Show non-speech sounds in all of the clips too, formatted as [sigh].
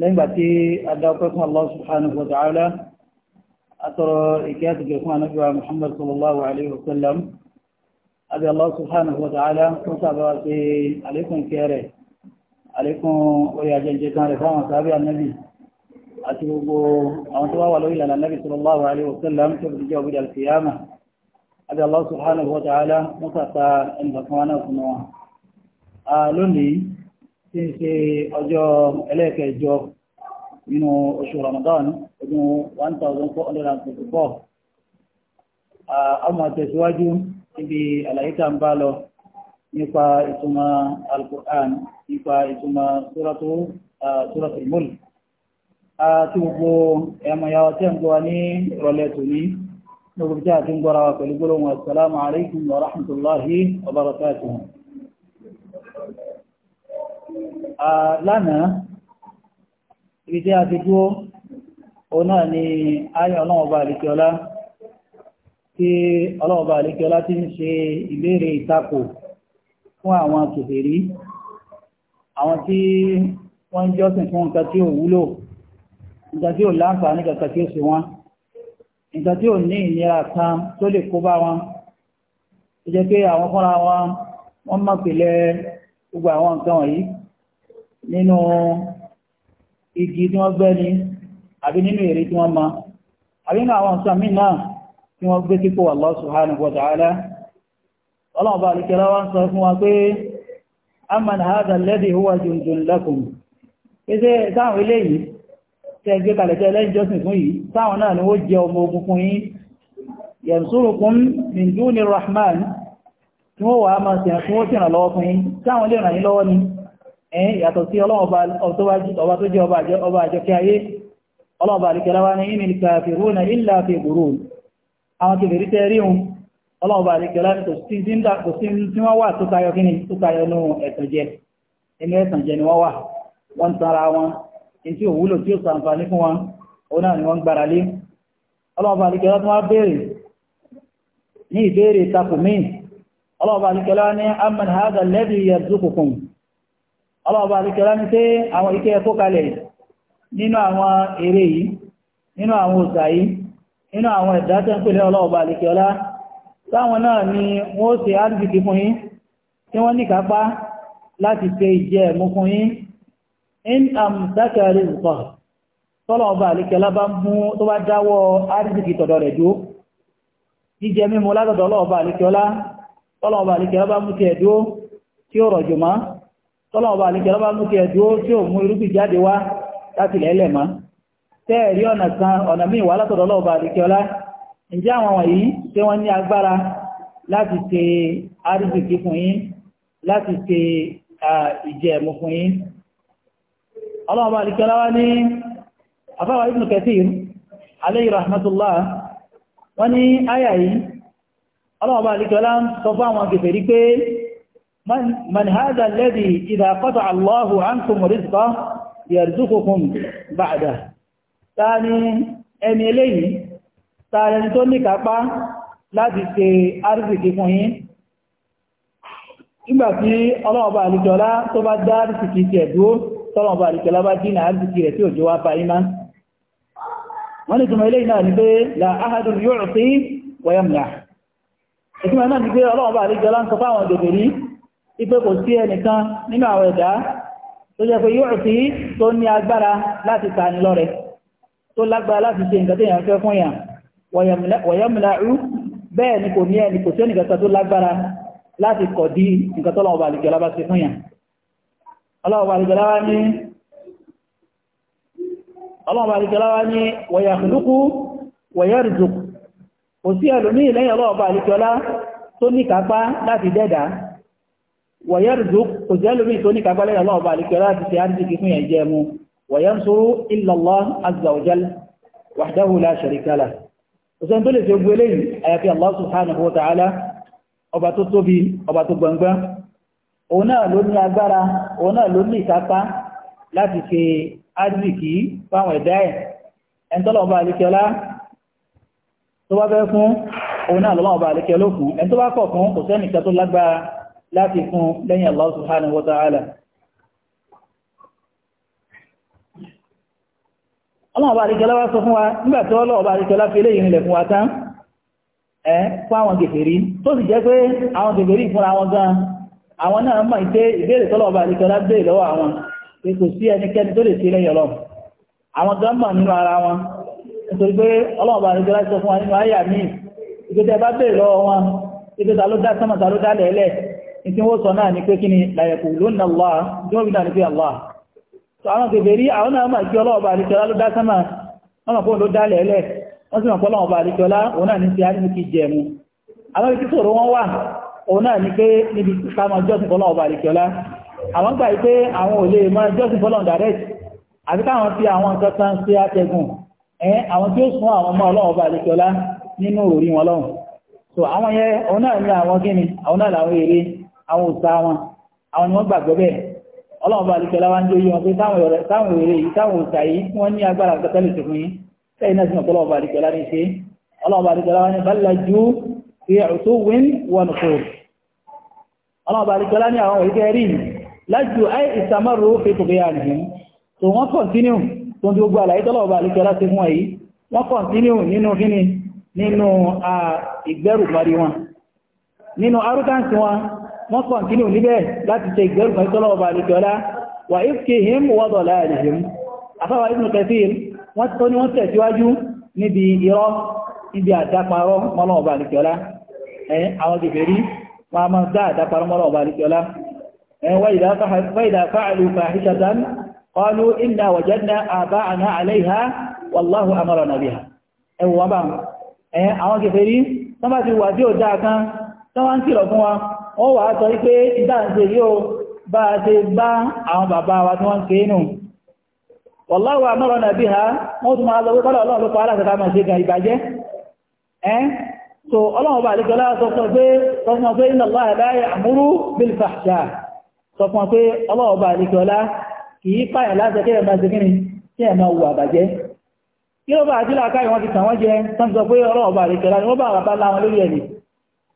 lẹ́yìngbà tí adáwọ̀pẹ́ fún Allah subhanahu wa ta'ala atọrọ ìkẹ́ àtìgẹ̀ fún anábíwa Muhammad sallallahu alaihi wa sallam abẹ́ Allah subhanahu wa ta'ala fún sábà sí alékún kẹrẹ alékún orí ajẹ́jẹ́ kan rẹ̀ fáwọn sábà annabi àti gbogbo àwọn tó wà lórí ìlànà annabi sallallahu alaihi wa sallam tó fi jẹ́ òbí al-qiyama abẹ́ Allah subhanahu wa ta'ala fún sábà ẹnìkan wọn náà fún wọn lónìí tí ń ṣe ọjọ́ ẹlẹ́ẹ̀kẹjọ nínú oṣù Ramadan ọdún one thousand four hundred and twenty-four àmọ́ tẹ̀síwájú níbi àlàyé tá ń bá lọ nípa ìtumọ̀ al nípa ìtumọ̀ suratu suratul Mulk àti gbogbo ẹ̀mọ̀ yàwó tẹ́ ń gbọ́ ní ìrọ̀lẹ́ tòní gbogbo jẹ́ àti ń gbọ́ra pẹ̀lú gbọ́lọ́wọ́ assalamu alaikum wa rahmatullahi wa barakatuh lánàá ibi tí a ti dúó òun náà ni ayé ọlọ́wọ̀ba àlekíọlá tí ọlọ́wọ̀ba àlekíọlá ti ń ṣe ìbéèrè ìtakò fún àwọn kèfèrí àwọn tí wọ́n ń jọ́sìn fún nǹkan tí ò wúlò nǹkan tí ò láǹfààní kankan tí ó ṣe wọ́n nǹkan tí ò ní ìnira kan tó lè kó bá wọn ó jẹ́ pé àwọn fúnra wọn wọ́n mọ̀ pẹ̀lẹ́ gbogbo àwọn nǹkan wọ̀nyí nínú igi tí wọ́n gbẹ́ ni àbí nínú èrè tí wọ́n ma àbí nínú àwọn nǹkan míì náà tí wọ́n gbé Allah wa ta'ala ọlọ́run alìkẹ́lá wá ń sọ fún wa pé amman hadha alladhi huwa jundun lakum pèsè táwọn rahman tí wọ́n wà á máa fún ó tìrànlọ́wọ́ fún lè ẹ̀yìn yàtọ̀ sí ọlọ́ọ̀bá tó jẹ́ ọba àjọkẹ́ ayé ọlọ́ọ̀bá alìkẹ́láwá ní inil kafiruna illa fi ghurur àwọn kèfèrí tẹ́ rí un ọlọ́ọ̀bá alìkẹ́lá ní kò sí tí wọ́n wà tó tayọ kí ni tó tayọ nú ẹ̀tàn jẹ inú ẹ̀tàn jẹ ni wọ́n wà wọ́n ń tara wọn in tí ò ọlọ́ọ̀bá àríkẹ́lá ní pé àwọn ike ẹ̀kọ́ kalẹ̀ nínú àwọn eré yìí nínú àwọn òsà yìí nínú àwọn ẹ̀dá tẹ́ ń ọlọ́ọ̀bá àríkẹ́lá táwọn náà ni wọ́n ṣe árbìtì fún yín tí wọ́n ní kápá láti ṣe ìjẹ ẹ̀mú fún yín in am dákẹ́rẹ́ ìpọ̀ tọ́lọ̀ọ̀bá àríkẹ́lá bá mú tó bá dáwọ́ árbìtì tọ̀dọ̀ rẹ̀ dúó jíjẹ tọ́lọ́ọ̀bá àlejò ọlọ́bá mú kí ẹ̀dùn ó tí ò mú irúgbìn jáde wá láti lẹ́lẹ̀ mọ́ tẹ́ẹ̀rí ọ̀nà kan ọ̀nà míì wá látọ̀dọ̀ ọlọ́ọ̀bá àlejò ọlá ǹjẹ́ àwọn wọ̀nyí tí wọ́n ní agbára láti ṣe àrísìkí fún yín láti ṣe ìjẹ fún ọlọ́ọ̀bá wá ní من, من هذا الذي إذا قطع الله عنكم رزقه يرزقكم بعده tani ẹni eléyìí tààrẹ ni tó ní kápá láti ṣe àrísìkí fún yín nígbàtí ọlọ́ọ̀bà àríkọlá tó bá dá àrísìkí ti ẹ̀dúó tọ́lọ̀ọ̀bà àríkọlá bá dínà àrísìkí rẹ̀ tí òjò wá pa iná wọ́n ni túnmọ̀ eléyìí náà ni pé la ahadun yu'ti wa yamna ìtumọ̀ náà ni pé ọlọ́ọ̀bà àríkọlá ń sọ fáwọn dòdò yìí ipe kò sí ẹnìkan nínú àwọn ẹ̀dá tó jẹ́ pé yóò tí tó ní agbára láti tani lọ́rẹ tó lágbára láti ṣe nǹkan téèyàn fẹ́ fún yàn wọ̀yọ́mùláú bẹ́ẹ̀ ni kò ní ẹni kò sí ẹnìkan tó lágbára láti kọ̀ dí nǹkan tọ́lọ̀ ọba àlìjọlá bá ṣe fún yàn wọ̀yẹ́rùdú kò jẹ́ lórí ìtò ní kàgbálẹ̀ aláwọ̀bá àlìkẹ́lá ti ṣe àríjìkì fún ẹ̀jẹ́ mú wọ̀yẹ́nsúrú ìlàlá azàwọ̀jẹ́l wàdáhù láṣẹ̀ríkálà òṣèǹ tó lè ṣe gbé lẹ́yìn àyàfi Allah subhanahu wa ta'ala ọba tó tóbi ọba tó gbangba òun náà ló ní agbára òun náà ló ní ìkápá láti ṣe àríjìkì fáwọn ẹ̀dá láti fún lẹ́yìn Allah subhanahu wa ta'ala àríkẹ́lá wá sọ fún wa nígbàtí ọlọ́wọ́ àríkẹ́lá fi léyìn ilẹ̀ fún wa tán fún àwọn gẹ̀fẹ̀rí tó sì jẹ́ pé àwọn gẹ̀fẹ̀rí wọn gan àwọn náà mọ̀ ìpé àríkẹ́lá dé tó lè sí lẹ́yìn ọlọ́ àwọn gan mọ̀ ara wọn nítorí pé àríkẹ́lá sọ fún wa nínú míì bá lọ́wọ́ wọn ìtí wọ́n sọ náà ni pé kí ni láyẹ̀kù lónà Allah tí wọ́n bí náà ni pé Allah so àwọn gẹ̀gẹ̀rí àwọn náà máa kí ọlọ́ọ̀bà àríkẹ́lá ló dá sánmà wọ́n mọ̀ pọ́ ló wọ́n sì mọ̀ pọ́ lọ́wọ́bà ò lè àwọn ẹ̀ àwọn tí àwọn ọmọ àwọn náà làwọn èrè àwọn òòṣà wọn àwọn ni wọ́n gbàgbọ́ bẹ́ẹ̀ ọlọ́run bá alùpùpù láwa ń jó yí wọn pé táwọn èrè yìí táwọn òòṣà yìí wọ́n ní agbára kẹtẹ́ lè ṣe fún yín sẹ́yìn náà sì mọ̀ ọlọ́run bá alùpùpù láwa ní ṣe ọlọ́run bá alùpùpù láwa ní balaju fi ọ̀tún win wọn kò ọlọ́run bá alùpùpù láwa ní àwọn òòṣà rí lájú ayé ìsàmọ́rò fi tòkè yà nìyẹn tó wọ́n kọ̀ntínú tó ń gbogbo àlàyé tọ́lọ̀ ọba alùpùpù wọ́n kàn kí ní oníbẹ̀ láti ṣe ìgbẹ́rùn-ún tọ́lọ̀ ọba àdìjọ́lá wà ifkihim wọ́dọ̀ láàrìhìm afáwà ibn Kathir wọ́n tó ní wọ́n tẹ̀síwájú níbi irọ́ níbi àdáparọ́ mọ́lọ̀ ọba àdìjọ́lá àwọn gẹ̀gẹ̀rí wọ́n máa dá àdáparọ́ mọ́lọ̀ ọba àdìjọ́lá وإذا فعلوا فاحشة قالوا إنا وجدنا آباءنا عليها والله أمرنا بها ẹwọ̀n bá àwọn gẹ̀fẹ̀rí tán bá ti wà tí ó dáa kan tán wá ń kìlọ̀ fún wa ó wà á sọ wípé ìdáǹsẹ̀ yóò bá a ṣe bá àwọn bàbá wa tí wọ́n ń kéénù wọ̀láwà mọ́rọ̀ nàbí ha wọ́n tún máa lọ wípé ọlọ́run ló máa ṣe gan ìbàjẹ́ ẹ́n so ọlọ́run bá àlejò aláṣọ sọ pé sọ fún ọ pé iná láàá láyé àmúrú bíl fàṣà sọ fún ọ pé ọlọ́run bá àlejò ọlá kì í pààyàn láti ẹkẹ́ ẹ̀ma ṣe kíni kí ẹ̀ máa wù àbàjẹ́ kí ló bá wọ́n bá àlejò bá láwọn lórí ẹ̀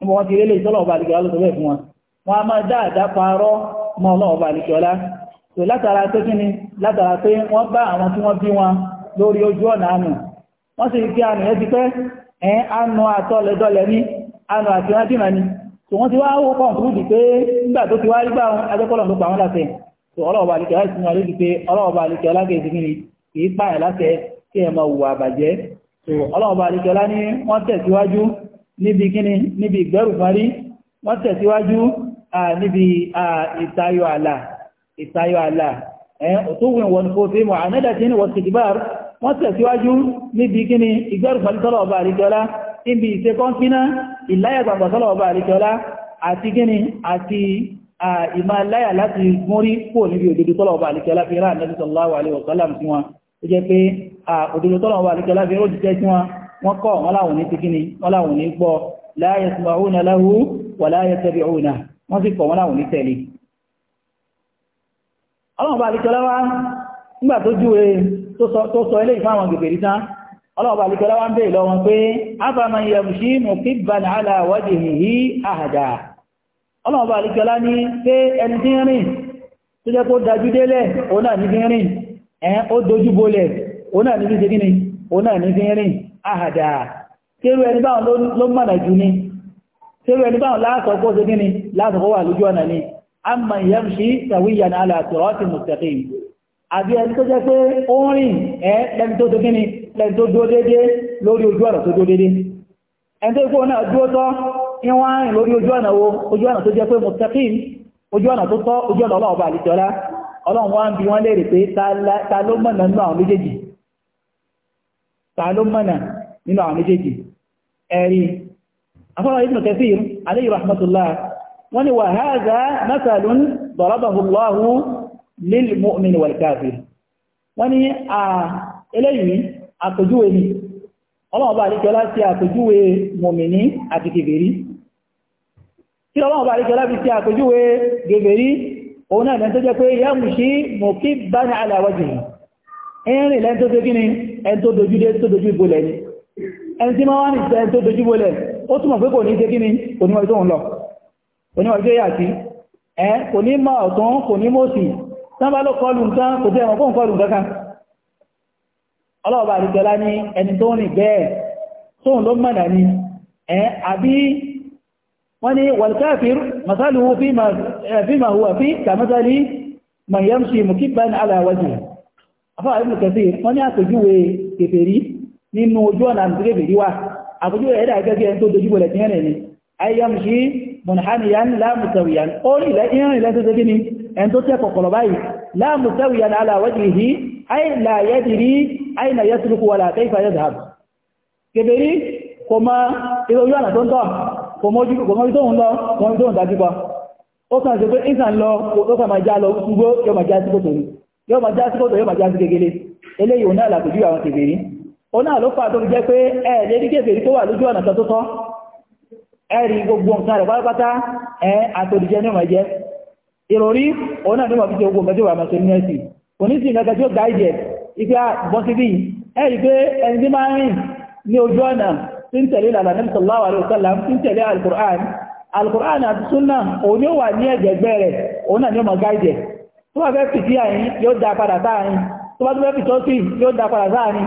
níbo wọ́n ti rí eléyìí tọ́lọ̀ ọba àdìgbà fún wọ́n a máa dáadáa parọ́ mọ́ ọlọ́ọ̀ba àdìgbọ́lá tó látara pé kí ni látara pé wọ́n bá àwọn tí wọ́n bí wọn lórí ojú ọ̀nà àmì wọ́n ti ni wá ó nígbà tó ti wá rí gbáhùn wọ́n ọlọ́ọ̀bà láti ọlọ́ọ̀bà níbi kíni níbi ìgbẹ́rù parí wọ́n tẹ̀síwájú níbi ìtayọ àlà ìtayọ àlà òtúwìn wọn kò fi mọ̀ ànádàtí ní wọ́n sìdìbàr wọ́n tẹ̀síwájú níbi kíni ìgbẹ́rù parí tọ́lọ̀ ọba àríkọlá níbi ìṣẹ́ kọ́ńfínà ìláyàgbàgbà tọ́lọ̀ ọba àríkọlá àti kíni àti ìmá láyà láti múrí kó níbi òdodo tọ́lọ̀ ọba àríkọlá fi rán ànádàtí sallallahu alaihi wasallam sí wọn ó jẹ́ pé òdodo tọ́lọ̀ ọba àríkọlá fi wọ́n kọ́ wọ́n láwọn ní ti kíni wọ́n láwọn ní gbọ́ la yasma'una lahu wa la yattabi'una wọ́n sì kọ̀ wọ́n láwọn ní tẹ̀lé ọlọ́run bá alikọ́lá wá nígbà tó júwe tó sọ ilé ìfáwọn gbèbèrè tán ọlọ́run bá ń bèèrè lọ pé afaman yamshi mukibban ala wajhihi ahada àhàdà tẹ́rù ẹni báwọn ló mọ̀nà jù ní tẹ́rù ẹni báwọn láàkọ̀ọ́kọ́ sí gíní láàkọ̀ọ́kọ́ wà lójú ọ̀nà ní àmà yamshi sawiyan ala siratin mustaqim àbí ẹni tó jẹ́ pé ó ń rìn ẹ́ lẹ́ni tó tó gíní lẹ́ni tó dúó dédé lórí ojú ọ̀nà tó dúó dédé ẹni tó kó náà dúó tọ́ ìwọ̀n rìn lórí ojú ọ̀nà wo ojú ọ̀nà tó jẹ́ pé mustaqim ojú ọ̀nà tó tọ́ ojú ọ̀nà ọlọ́ọ̀bà àlìjọ́lá ọlọ́run wá ń bi wọ́n léèrè pé ta ló mọ̀nà nínú àwọn méjèèjì ta ló mọ̀nà nínú àwọn méjèèjì ẹ̀rí afọ́nà ibn kathir alayhi rahmatullah wọ́n ni wa hadha mathalun darabahu Allahu lil mu'min wal kafir wọ́n ni a eléyìí àpèjúwe ni ọlọ́ọ̀bá àríkẹ́lá sí àpèjúwe mùmìní àti kèfèrí kí ọlọ́ọ̀bá àríkẹ́lá fi sí àpèjúwe kèfèrí ẹ̀rìn lẹ́n gíní ẹn tó dojú ẹni tí máa wá ní ìṣẹ́ tó dojú bolẹ̀ ó túnmọ̀ pé kò ní ṣe kí ni kò ní wọ́n tó ń lọ kò ní wọ́n tó yà sí ẹ́ kò ní mọ̀ ọ̀tún kò ní mọ́sì sábà ló kọlù nǹkan kò tí ẹ̀wọ̀n kó ń kọlù nǹkan ọlọ́ọ̀bà àdìjọlá ní ẹni tó ń rìn bẹ́ẹ̀ tóun ló mọ̀nà ni ẹ́ àbí wọ́n ní wàlkáfíìr masaluhu nínú ojú ọ̀nà àtúndé bèríwà àkójú ẹ̀dà gẹ́gẹ́ ẹni tó dojúbọ̀lẹ̀ tí ẹ̀rẹ̀ ni ayyamshi munhaniyan lámùsàwìyàn ó rí ìrìn lẹ́sẹ̀ gíní ẹni tó tẹ́ kọ̀kọ̀rọ̀ báyìí lámùsàwìyàn ala wajhihi ay la yadri ayna yasluku wala kayfa yadhhab kèbèrí kò mọ ilé ojú ọ̀nà tó ń tọ̀ kò mọ ojú tó ń lọ kò mọ ojú tó ń dájú bọ́ ó kàn sí pé ìsàn lọ ó kàn já lọ gbogbo yóò já sí kòtò eléyìí òun náà làkòjú àwọn kèbèrí oná ló fà tó fi jẹ́ pé ẹ̀ẹ̀lẹ́ ní kèfèrí tó wà lójú ọ̀nà tó tọ́ ẹ̀rí gbogbo nǹkan rẹ̀ pátápátá ẹ̀ àtòrìjẹ́ ní ọmọ jẹ́ ìròrí oná ní wọ́n fi ṣe gbogbo mẹ́jọ́ wà mẹ́sọ ní ẹ̀sì oníṣì ìgbàgbà tí ó gbà ìjẹ́ ìfẹ́ alaihi wasallam tí ń tẹ̀lé alukur'an alukur'an àti sunna òun yóò wà ní ẹ̀gbẹ̀gbẹ̀ rẹ̀ òun náà ní ọmọ gáìjẹ̀ tó bá fẹ́ fìdí àyín yóò dá padà sáàrin tó bá tó fẹ́ fìtọ́sí yóò dá padà sáàrin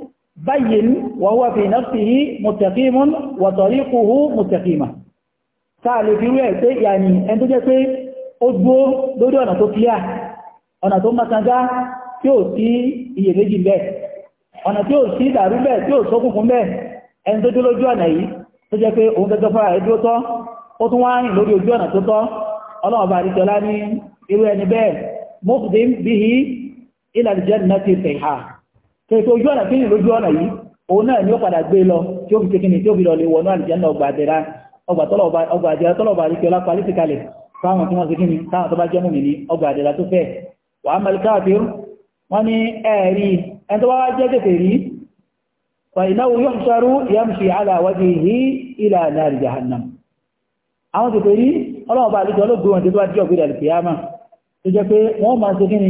بين وهو في نفسه مستقيم وطريقه مستقيمة sáàlè fi rẹ̀ pé yàní ẹn tó jẹ́ pé ó gbó lórí ọ̀nà tó kíyà ọ̀nà tó mọ́sánjá tí ó sí iyèméjì bẹ́ ọ̀nà tí ó sí ìdàrú bẹ́ tí ó sókùnkùn bẹ́ ẹn tó dúró lójú ọ̀nà yìí tó jẹ́ pé òun gẹ́gẹ́ fara ẹjú tọ́ ó tún wá rìn lórí ojú ọ̀nà tó tọ́ ọlọ́ọ̀bà àríjọlá ní irú ẹni bẹ́ẹ̀ mọ́kùdín bíi ila al-jannati sayha tètè ojú ọ̀nà kíni lójú ọ̀nà yìí òun náà ni ó padà gbé lọ tí ó fi tẹkíni tí ó fi lọ lè wọnú àlìjáná ọgbà àdẹ̀rà ọgbà àdẹ̀rà tọ́lọ̀bà àdìkẹ́ ọlápàá lẹ́sìkalẹ̀ fáwọn tí wọ́n ti kíni táwọn tó bá jẹ́ mùmí ní ọgbà àdẹ̀rà tó fẹ́ wàá mẹ́lìkáàfíù wọ́n ní ẹ̀rí ẹni tó bá wá jẹ́ tètè rí fàìnáwó yóò ṣarú yamṣi aláwọ́dé yìí ilà náà jahannam àwọn tètè rí ọlọ́ọ̀bà àlìkẹ́ ọlọ́gbọ̀n tó bá jẹ́ ọ̀gbẹ̀rẹ̀ àlìkẹ́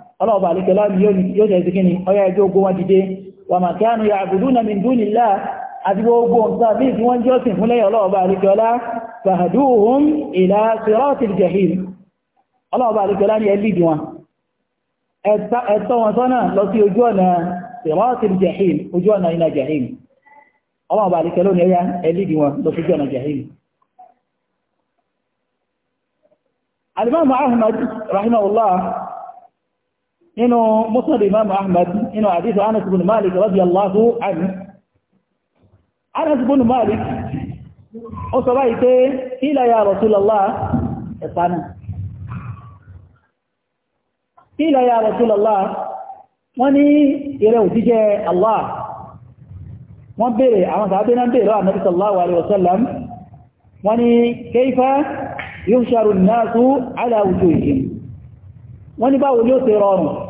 ọlọ́ọ̀bà àlùkẹ́lá yóò jẹ́ sí kíni ọya ẹjọ́ ogun wọn dìde wà mà kí ánú ya àbùdúnà min dunillah àti gbogbo nǹkan bí i wọ́n jọ́sìn fún lẹ́yìn ọlọ́ọ̀bà àlùkẹ́lá fahduhum ila siratil jahim ọlọ́ọ̀bà àlùkẹ́lá ni ẹlìdì wọn ẹ̀tọ́ wọn sọ́nà lọ sí ojú ọ̀nà siratil jahim ojú ọ̀nà iná jahim ọlọ́ọ̀bà àlùkẹ́lá ni ẹyà ẹlìdì wọn lọ rahimahullah inú musnad imam ahmad inú hadith anas ibn malik radiyallahu anhu anas ibn malik ó sọ báyìí pé ila ya rasulallah ẹ̀pánà ila ya rasulallah wọ́n ní ìrẹ̀ òjíjẹ́ allah wọ́n bèèrè àwọn sàábé náà bèèrè àwọn nàbí sallallahu alaihi wasallam wọ́n ní kayfa yuhsharu an-nasu ala wujuhihim wọ́n báwo ni ó ṣe rọrùn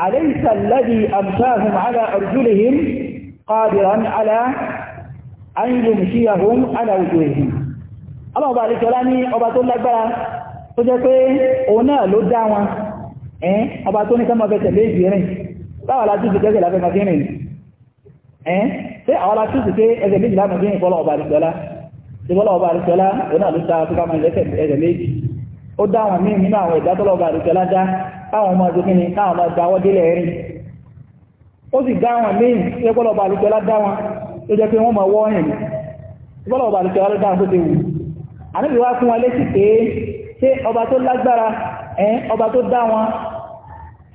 أليس الذي أمساهم على أرجلهم قادرا على أن يمشيهم على وجوههم الله بارك لاني أبا تقول لك بقى تجاكي أنا لو دعوة أبا تقول لك ما بتلي بيرين لا ولا تجي تجي لا بما فيني ṣé àwọn aláṣí sì pé ẹgbẹ̀ méjì láàmù sí ìfọ́lọ̀ ọba àríṣọ́lá ìfọ́lọ̀ ọba àríṣọ́lá òun náà ló ta tó ká máa ẹgbẹ̀ méjì ó dá àwọn míì nínú àwọn ìdátọ́lọ̀ ọba àríṣọ́lá dá káwọn ọmọ ọdún ní káwọn ọmọ ìgbàwọ́ délẹ̀ rìn ó sì dá wọn míì tí ẹgbọ́lọ̀ bá lè tọ́lá dá wọn tó jẹ́ pé wọ́n mọ̀ wọ́ rìn ẹgbọ́lọ̀ bá lè tọ́lá ló dáhùn tó ti wù àníbi wá fún wọn létí pé ṣé ọba tó lágbára ẹ̀ẹ́n ọba tó dá wọn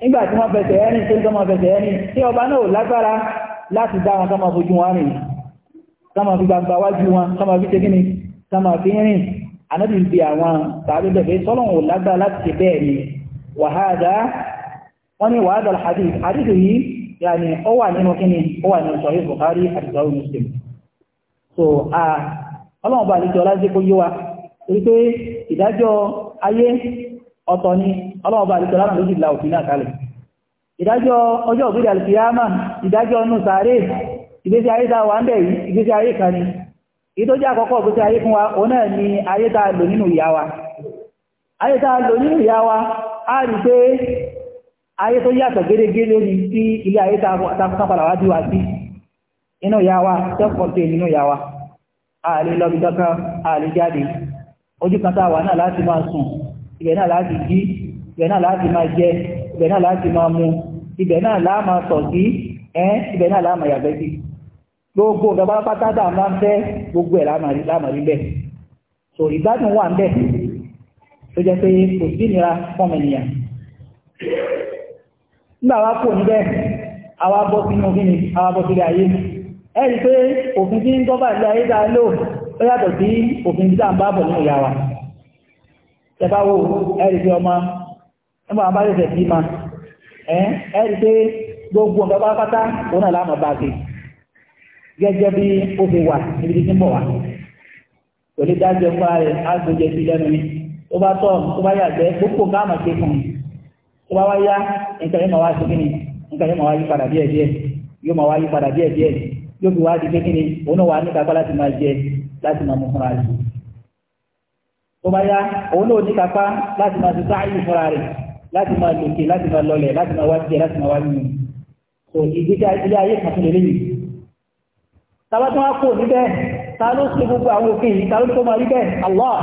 nígbà tí wọ́n fẹsẹ̀ وهذا وني وهذا الحديث حديثه يعني هو كني هو صحيح البخاري حديث مسلم so a ọlọ́run bá ni ọlọ́run bá àlejò ọlọ́run la wà ń ayé kan ni èyí tó jẹ́ àkọ́kọ́ ìgbésí ayé fún wa òun náà ni ayé a rí pé ayé tó yàtọ̀ gẹ́gẹ́ lórí sí ilé ayé tápàdà wá díwá sí inú ìyá wa tẹ́kọ̀ọ́tẹ́ nínú ìyá wa ààrẹ lọ́bìdọ́ká jáde ojú a wà náà láti máa sùn ibẹ̀ náà láti jí ibẹ̀ náà láti máa jẹ ibẹ̀ náà láti máa mu ibẹ̀ náà láà máa sọ̀ sí ẹ́ ibẹ̀ náà láà máa yàgbẹ́ sí gbogbo ọ̀dọ́ pátá dáa máa ń fẹ́ gbogbo ẹ̀ láàmà rí bẹ́ẹ̀ so ìgbádùn wà ń bẹ́ẹ̀ tó jẹ́ pé kò sí ìnira fọ́mọ ènìyàn nígbà wá kò níbẹ̀ àwa bọ́ sínú gíní àwa bọ́ sílẹ̀ ayé ẹ̀rí pé òfin tí ń gọ́bà ilé ayé dáa lò ó yàtọ̀ sí òfin tí dáa ń bá bọ̀ nínú ìyá wa tẹ́bá wo ẹ̀rí pé ọmọ nígbà wọn bá lè tẹ̀sí ma ẹ̀rí pé gbogbo ọ̀gá pátápátá òun náà láàmú bá gbé gẹ́gẹ́ bí ó fi wà níbi tí ń bọ̀ wá kò lè dá jẹun á gbé sí lẹ́nu ni tó bá tọ̀ tó bá yàgbẹ́ gbogbo nǹkan àmọ̀ ṣe fún un tó bá wá yá nǹkan yóò máa wá sí kíni nǹkan yóò máa wá yí padà díẹ̀ díẹ̀ yóò máa wá yí padà díẹ̀ díẹ̀ yóò fi wá di pé kíni òun náà wà ní kápá láti máa jẹ láti máa mú fúnra rẹ̀ tó bá yá òun náà ní kápá láti máa ti sáàyè fúnra rẹ̀ láti máa lòkè láti máa lọlẹ̀ láti máa wá jẹ láti máa wá mímu kò ìgbésí ilé ayé kan tó lè léyìí tàbátán kò níbẹ̀ ta ló ṣe gbogbo àwọn òfin ta ló tó máa rí bẹ́ẹ̀ Allah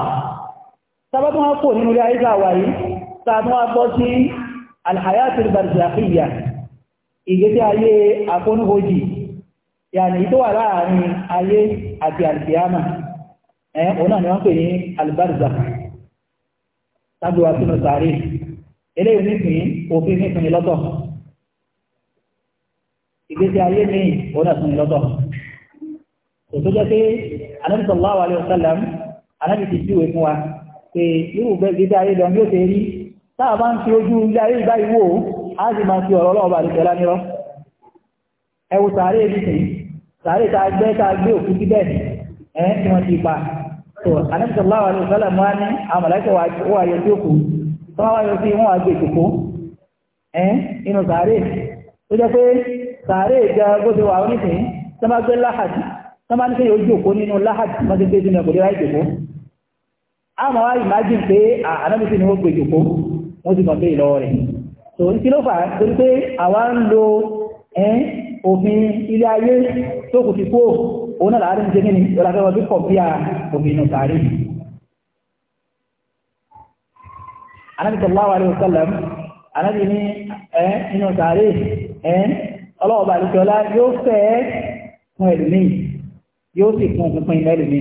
sábàtún wá kò nínú ilé ayéta wà yìí sáàtún wá bọ́ sí alhayatul barzakhiya ìgbésí ayé àkónúhojì yàní tó wà láàrin ayé àti alkiyama ẹ̀ òun náà ni wọ́n pè ní albarza tàbí wà sínú sàárè eléyìí nísìnyí òfin nísìnyí lọ́tọ̀ ìgbésí ayé ní òun náà sìn lọ́tọ̀ tó tó jẹ́ pé anábìsọ̀lá wà ọ̀sálàm anábìsí pé irú gbẹ́gbẹ́ ayé lọ ní ó ṣe rí táà bá ń fi ojú ilé ayé ìgbà ìwò á sì máa fi ọ̀rọ̀ ọlọ́ọ̀bà lè tẹ́lá nírọ́ ẹwù sàárè nìsín sàárè tá a gbẹ́ tá a gbé òkú síbẹ̀ ẹ̀ tí wọ́n ti pa tó anẹ́sọ̀láwà alaihi wasallam wá ní àmàlẹ́kẹ̀ wà yọ sí òkú tó wá yọ sí wọn àgbè ìkòkó ẹ̀ inú sàárè tó jẹ́ pé sàárè ìjà àmọ́ wá ìmájì pé ànábìsí ni wọ́n gbé jòkó wọ́n ti kàn pé ìlọ rẹ̀ so kí ló fà á torí pé àwa ń lo òfin ilé ayé tó kù ti kó òun náà láàrin jẹ́ nínú ìlàfẹ́wọ́ bí kọ̀ bí i òfin inú sàárì anábi sallallahu alaihi wasallam anábi ní ẹ́ inú sàárì ẹ́ ọlọ́ọ̀bà àlùkọ́lá yóò fẹ́ fún ẹlòmíì yóò sì fún òkùnkùn ilẹ̀ ẹlòmíì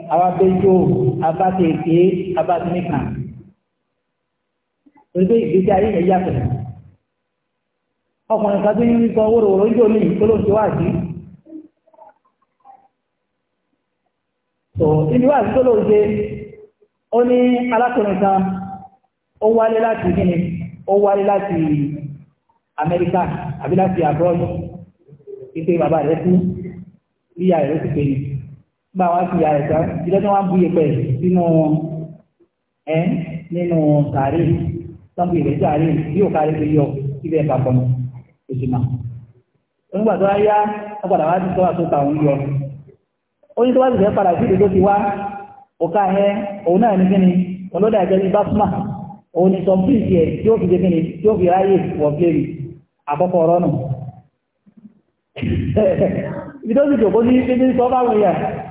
abábẹ́jọ́ abátẹ̀ẹ̀kẹ́ abátẹ̀ẹ̀kà torí pé ìgbésí ayé yẹn yàtọ̀ ọkùnrin kan tó ń sọ wórówóró yóò ní ìpolóńtò wá sí tó ibi wá sí tó lóun ṣe ó ní alákùnrin kan ó wálé láti kíni ó wálé láti Amẹ́ríkà àbí láti àbúrò yìí pé bàbá rẹ̀ kú ìyá rẹ̀ sì pé ni. bá wa fi yàrá ìta ìjọba tí wọn bu ìpè nínú ẹ nínú sàárè tó bu ìpè sàárè yóò kárí pé yọ ibẹ̀ papọ̀ mọ́ oṣù náà onígbà tó yá ọ̀padà wá sọ yọ oyin tó wá padà sí ìdókòtì ẹ òun náà ní kíni òun tí ó fi tí ó fi ráyè [laughs]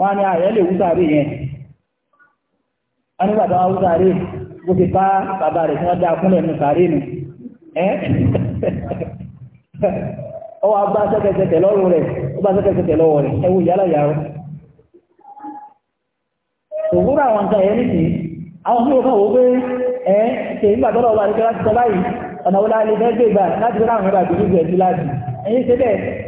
wọ́n ni ààrẹ ah, lè wúsàárè yẹn wọ́n nígbà tó wọ́n wúsàárè bó ti bá bàbá rẹ̀ tí wọ́n dá kúnlẹ̀ nù sàárè nù ẹ́ ọ [laughs] wá bá sẹ́kẹsẹkẹ lọ́rùn rẹ̀ ó bá lọ́wọ́ rẹ̀ ẹ yálà yàrá òwúrọ̀ àwọn nǹkan ẹ̀ àwọn pé ẹ́ ṣe nígbà láti sọ báyìí ọ̀nà fẹ́ gbé ìgbà láti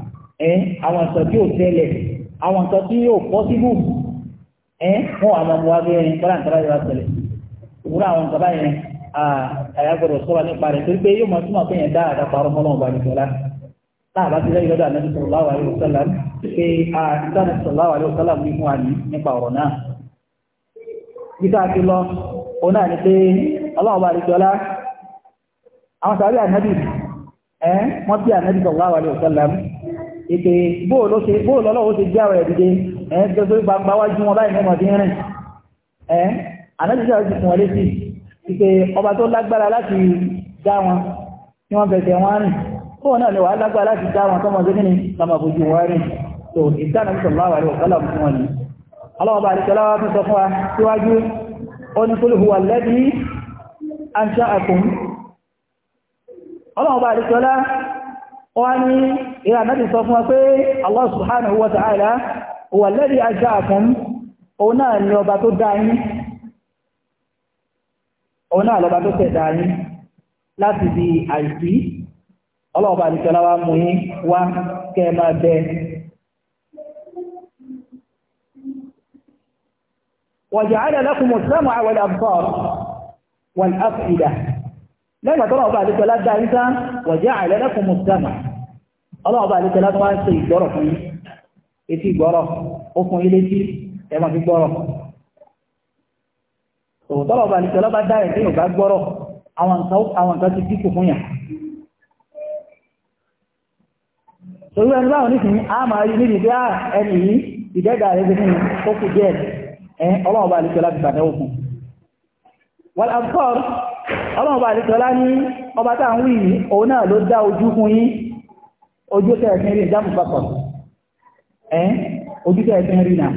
ẹ àwọn nǹkan tí ò tẹ́lẹ̀ àwọn nǹkan tí ò pọ́síbù ẹ fún àwọn ọmọ wa bí ẹni kọ́lá nǹkan báyìí wá ṣẹlẹ̀ òwúrọ̀ àwọn nǹkan báyìí àyà gbọdọ̀ sọ́ra nípa rẹ̀ torí pé yóò máa túmọ̀ pé yẹn dá àdàpọ̀ àrọ́ mọ́lọ́ ọba nìkọ́lá láàbá ti lẹ́yìn lọ́dọ̀ ànábì sallallahu alaihi wasallam pé àtàlẹ́ sallallahu alaihi wasallam ní fún wa ní nípa ọ̀rọ̀ náà. Bíta ti lọ, òun náà ni pé ọlọ́ọ̀bá àríjọlá, àwọn sàárì ànábì, ẹ́ wọ́n bí ànábì sallallahu alaihi wasallam ìpè bóòlù ọlọ́wọ́ ti jáwẹ̀ ẹ̀dìdẹ ẹ̀ gbogbo gbangba wájú wọn báyìí mẹ́mọ̀ dín rìn ẹ̀ anájíṣà ti fún ọlé sí ìpè ọba tó lágbára láti dá wọn tí wọ́n bẹ̀tẹ̀ wọn rìn fóòn náà ni wàá lágbára láti dá wọn tọ́mọ sí kíni tọ́mọ fojú wọn rìn tó ìdáná sallallahu alaihi wasallam fún wọ́n ní ìrà náà ti sọ fún wa pé Allah subhanahu wa ta'ala huwa alladhi aja'akum òun náà ni ọba tó dá yín òun náà lọ́ba tó tẹ̀dá láti di àìsí ọlọ́ọ̀bá àdìsọ́lá wa mú yín wá kẹ́ máa bẹ wa ja'ala lakumu as lẹ́gbà tọ́lọ̀ ọba àlejò aládá ìta wọ̀jẹ́ àìlẹ́lẹ́kùn mùsùlùmí ọlọ́wọ́ ọba àlejò aládá wọ́n ṣe ìgbọ́rọ̀ fún yí etí ìgbọ́rọ̀ okùn ilé tí ẹmà fi gbọ́rọ̀ tọ́lọ̀ ọba àlejò aládá dá ẹ̀sìn ìgbà gbọ́rọ̀ awọn nǹkan ti dínkù fún yà torí ẹni báwọn a máa rí níbi bí ah, ẹni yìí ìdẹ́gà rẹ̀ ti fún ọlọ́run bá àdíkọlá ní ọba tàà ń wí yìí òun náà ló dá ojú fún yín ojú tẹ́ẹ̀kín rí ìjámù papọ̀ ẹ́ ojú tẹ́ẹ̀kín rí náà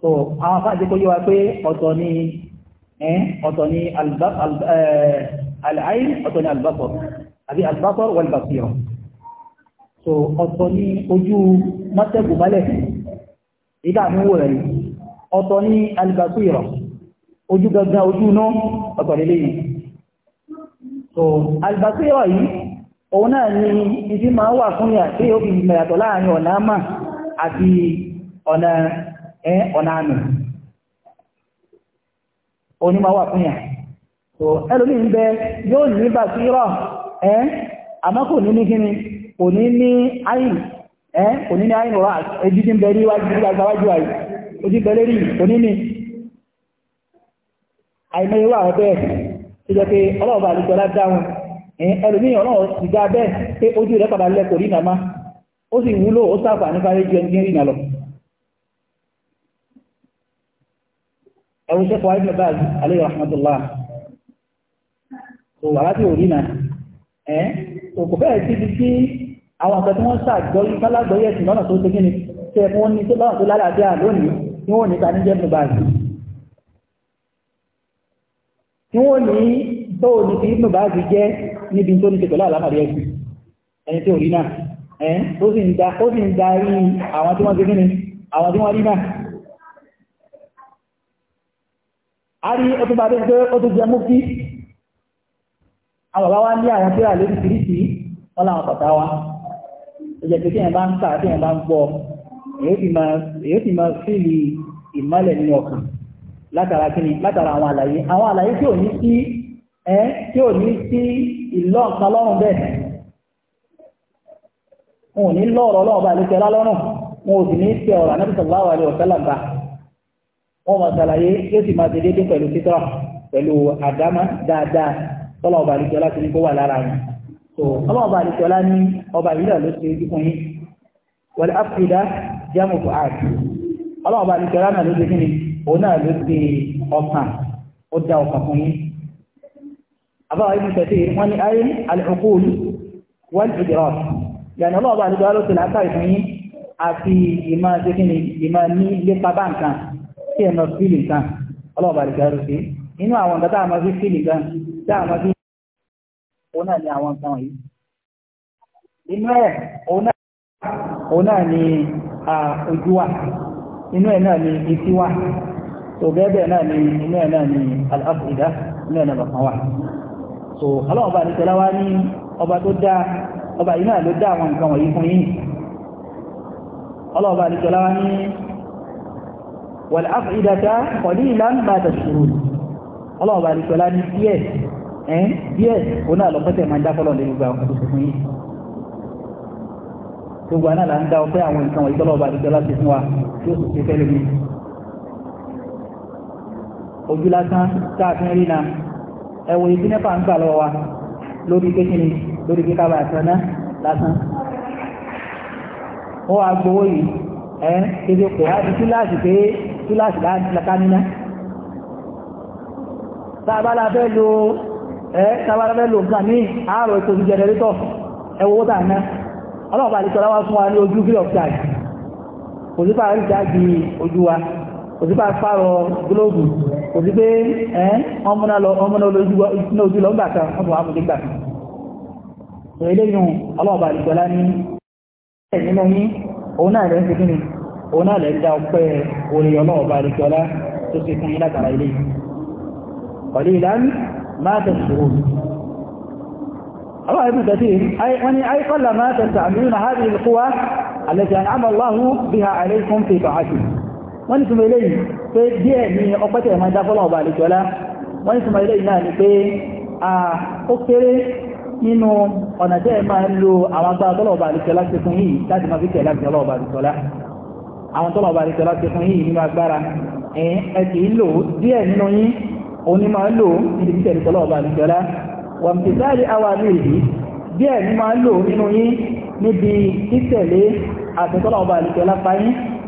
so àwọn afáàjẹ́ kó yíwa pé ọ̀tọ̀ ni ọ̀tọ̀ ni al-ayn ọ̀tọ̀ ni al-basar àbí al-basar so ọ̀tọ̀ ni ojú mọ́tẹ́gùn mọ́lẹ̀ ìdá àmúwò rẹ̀ ojú gangan ojú iná ọ̀tọ̀lélé yìí so albasira yìí òun náà ni ibi máa wà fún yà tí ó fi mẹ̀yàtọ̀ láàrin ọ̀nà àmà àti ọ̀nà ẹ̀ ọ̀nà àmì òun ni máa wà fún yà so ẹlòmí ń bẹ yóò ní basira ẹ̀ àmọ́ kò ní ní kíni kò ní ní àyìn ẹ̀ kò ní ní àyìn rọ̀ ẹjú ń bẹ rí wájú àgbáwájú àyìn ojú bẹ lérí kò ní ní àìmọye wà wọn bẹ́ẹ̀ pé ọlọ́ọ̀bà àlejò aládáhùn náà sì dá bẹ́ẹ̀ pé ojú rẹ̀ padà lẹ kò rí nàmá ó sì wúlò ó sáfà ẹni rí nà lọ. ẹwùn sẹ́kọ̀ọ́ ibn Baz alayhi rahmatullah tó tí wọ́n ní tó ní fi ìpín bá fi jẹ́ níbi tó ní ṣe pẹ̀lú àlámàrí ẹ̀sìn ẹni tí ò rí náà ẹ̀ ó sì ń darí àwọn tí wọ́n ti gíní àwọn tí wọ́n rí náà a rí ó tún bá dé pé ó tún jẹ mú kí àwọn bàbá wa ní àwọn tí ó rà lóríṣiríṣi wọn làwọn wa ìjẹ́ pé tí ẹ̀ bá ń kà tí ẹ̀ bá ń gbọ́ èyí ti máa fíìlì ìmálẹ̀ nínú ọkàn látara kíni látara àwọn àlàyé àwọn àlàyé tí ò ní sí ẹ́ tí ò ní sí ìlọ́ nǹkan lọ́rùn bẹ́ẹ̀ wọn ò ní lọ́ọ̀rọ̀ ọlọ́run bá lókè lálọ́rùn wọn ò sì ní tẹ ọ̀rọ̀ anábì sallallahu alaihi wasallam bá wọn máa ṣàlàyé yóò sì máa dédé pẹ̀lú títọ́ pẹ̀lú àdámá dáadáa tọ́lọ̀ ọba àlùkò ọlá òun náà ló ti ọkàn ó dá ọkàn fún yín àbáwá ibi tẹ̀sí wọ́n ní ayé al-uqul wal-idrak yàní ọlọ́ọ̀bá àdúgbò alóṣù látàrí fún yín àti ìmọ̀ àdékìní ìmọ̀ ní lépa bá nǹkan tí ẹ̀ mọ̀ fílì nǹkan ọlọ́ọ̀bá àdúgbò alóṣù inú àwọn nǹkan tá a máa fi fílì nǹkan tá a máa fi òun náà ní àwọn nǹkan wọ̀nyí inú ẹ̀ òun náà ní ojú wa inú ẹ̀ náà ní etí wa so gẹ́gẹ́ náà ni inú ẹ̀ náà ni al-afida inú ẹ̀ náà bàkan wà so ọlọ́run ọba àdìsẹ́lá wá ní ọba tó dá ọba yìí náà ló dá àwọn nǹkan wọ̀nyí fún yín ọlọ́run ọba àdìsẹ́lá wá ní wal-afidata qalilan ma tashkurun ọlọ́run ọba àdìsẹ́lá ní díẹ̀ ẹ́ díẹ̀ òun náà lọ́pẹ́tẹ̀ máa ń dá fọ́lọ́ lórí gbogbo àwọn kòtò fún yín gbogbo àná là ń dá ọpẹ́ àwọn nǹkan wọ̀nyí tọ́lọ́ ọba àdìsẹ́lá ti fún wa tí ó sì ṣe fẹ́ lómi ojú lásán káàkiri rí na ẹwọ ìdí nẹ́pà ń gbà lọ wa lórí kékeré lórí kíkà bá àtẹná lásán wọ́n wá gbowó yìí ẹ kéde pé á di kíláàsì pé kíláàsì láká níná tábàlà fẹ́ lo ẹ tábàlà fẹ́ lo nǹkan ní àárọ̀ ètò ìjẹnẹrétọ̀ ẹwọ́ tà náà ọlọ́ọ̀bà àti sọ́lá wá fún wa ní ojú gílọ̀ flag kò sí fàárí jáde ojú wa òsìpá fárọ gílóòbù òsìpé ẹ́ ọmọná olójú lọ gbàta ọmọ amòdé gbà eléyìn ọlọ́ọ̀bà ìgbọ́lá ní ẹ̀ nínú máa tẹ̀sùrù الله ابن كثير أي يعني أي قل ما تستعملون هذه القوى التي wọ́n ní túnmọ̀ eléyìí pé díẹ̀ ní ọpẹ́ tẹ̀rẹ̀ máa dáfọ́lọ́ ọba àlejòọ́lá wọ́n ní túnmọ̀ eléyìí náà ni pé ó kéré nínú ọ̀nà tẹ́ ẹ máa ń lo àwọn agbára tọ́lọ̀ ọba àlejòọ́lá ti fún yìí láti máa fi tẹ̀ láti ọlọ́ ọba àlejòọ́lá àwọn tọ́lọ̀ ọba àlejòọ́lá ti fún yìí nínú agbára ẹ kì í lò díẹ̀ nínú yín ni máa ń lò níbi títẹ̀ ní ni máa ń lò nínú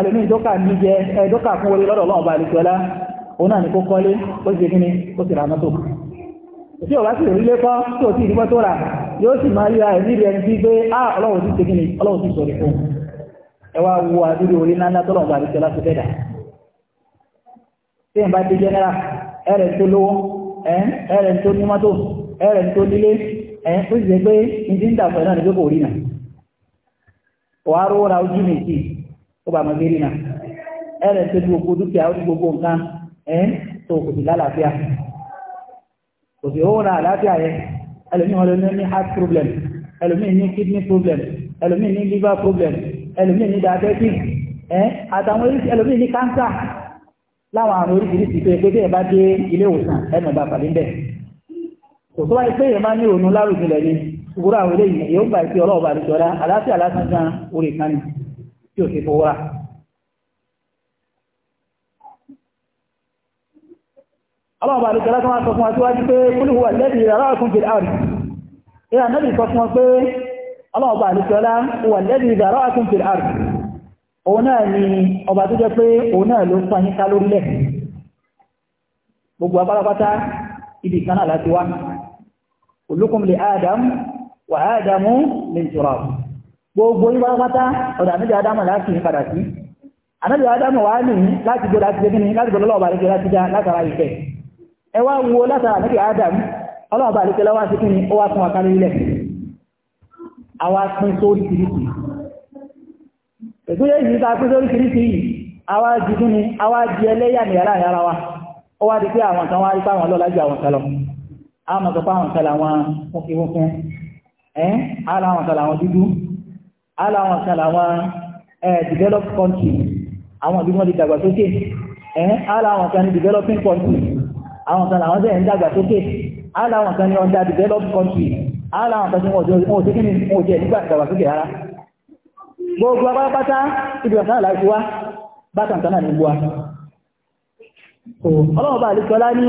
ẹlòmí ìdọ́kà níjẹ ẹ̀dọ́kà fún wọlé lọ́dọ̀ lọ́ọ̀bà àlùfẹ́lá òun náà ni kó kọ́lé ó sì kí ó sì rà mọ́tò tí ọ̀rá sì kọ́ tí ò sí tó rà yóò sì máa ríra ẹ̀mí rẹ̀ ti ọlọ́run ti sọ̀rọ̀ fún ó bá máa gbérí náà ẹ̀rẹ̀ tó ti gbogbo dúkìá ó ti gbogbo nǹkan ẹ̀ tó kò sì lálàáfíà kò sì owó náà àlàáfíà yẹ ẹlòmíì wọn lóní ní heart problem ẹlòmíì ní kidney problem ẹlòmíì ní liver problem ẹlòmíì ní diabetes ẹ̀ àtàwọn ẹlòmíì ní cancer láwọn àrùn oríṣiríṣi tó yẹ pé bẹ́ẹ̀ bá dé ilé ìwòsàn ẹnu ọba pàdé ńbẹ kò tó wáyé pé èèyàn máa ní òun lárùjìnlẹ̀ ni ìwúrọ̀ àwọn eléyìí èèyàn gbà pé ọlọ́ọ̀bà àdìjọ́lá àlàáfíà lásán gan orí kan ni tí ò sí fowó rà. ọlọ́run bá lùkẹ́ látọ́ máa sọ fún wa síwájú pé kúlùú wà lẹ́sìn ìrọ̀lá ọ̀kún jẹ́ àrùn ìrà náà sọ fún wa pé ọlọ́run bá lùkẹ́ wà lẹ́sìn ìrọ̀lá ọ̀kún jẹ́ òun náà ni ọba tó jẹ́ pé òun náà ló fún ayíká lórí gbogbo gbogbo yín pátápátá ọ̀dọ̀ ànábì ádámù láti yín padà sí ànábì ádámù wà ní láti gbé láti gbé láti gbé lọ́wọ́ àlejò láti já látara ìfẹ́ ẹ wá wo látara ànábì ádámù ọlọ́wọ́ àlejò lọ́wọ́ sí kí ni ó wá fún wa kárí ilẹ̀ àwa pín sórí kìrìsì ìgbéyẹ̀ yìí ta pín sórí kìrìsì yìí àwa ni àwa di ẹlẹ́yà ní yàrá yàrá wa ó wá di pé àwọn kan wá rí fáwọn lọ́la ju àwọn kan lọ àwọn kan dúdú ala àwọn kan làwọn developed country àwọn ìlú wọn ti dàgbàsókè ala àwọn kan ní developing country àwọn kan làwọn sẹ́yìn dàgbàsókè ala àwọn kan ní under developed country ala àwọn kan tí wọn ò jẹ́ kí ni wọn ò jẹ́ nígbà dàgbàsókè rárá gbogbo apápátá ibi ọ̀sán àláìsí wá bákan kan náà ní gbọ́ ọlọ́run bá àlìsọ́lá ní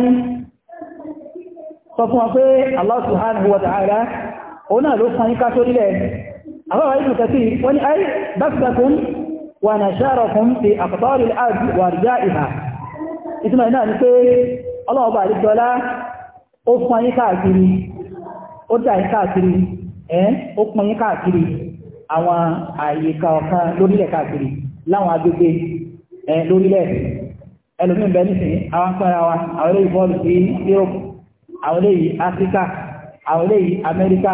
sọ fún wọn pé Allah subhanahu wa ta'ala òun náà ló kan yíká sórílẹ̀ أبوها ابن كثير ولأي بثكم ونشاركم في أقطار الأرض وارجائها ìtumọ̀ náà ni pé ọlọ́ọ̀bà àríjọlá ó fún ayé káàkiri ó dá ayé káàkiri ẹ́ ó pín ayé káàkiri lori ààyè kọ̀ọ̀kan lawon káàkiri láwọn agbègbè ẹ lórílẹ̀ ẹlòmí bẹ nísìnyí àwọn pẹ́ra wa àwọn eléyìí bọ́ọ̀lù sí Europe àwọn eléyìí Áfíríkà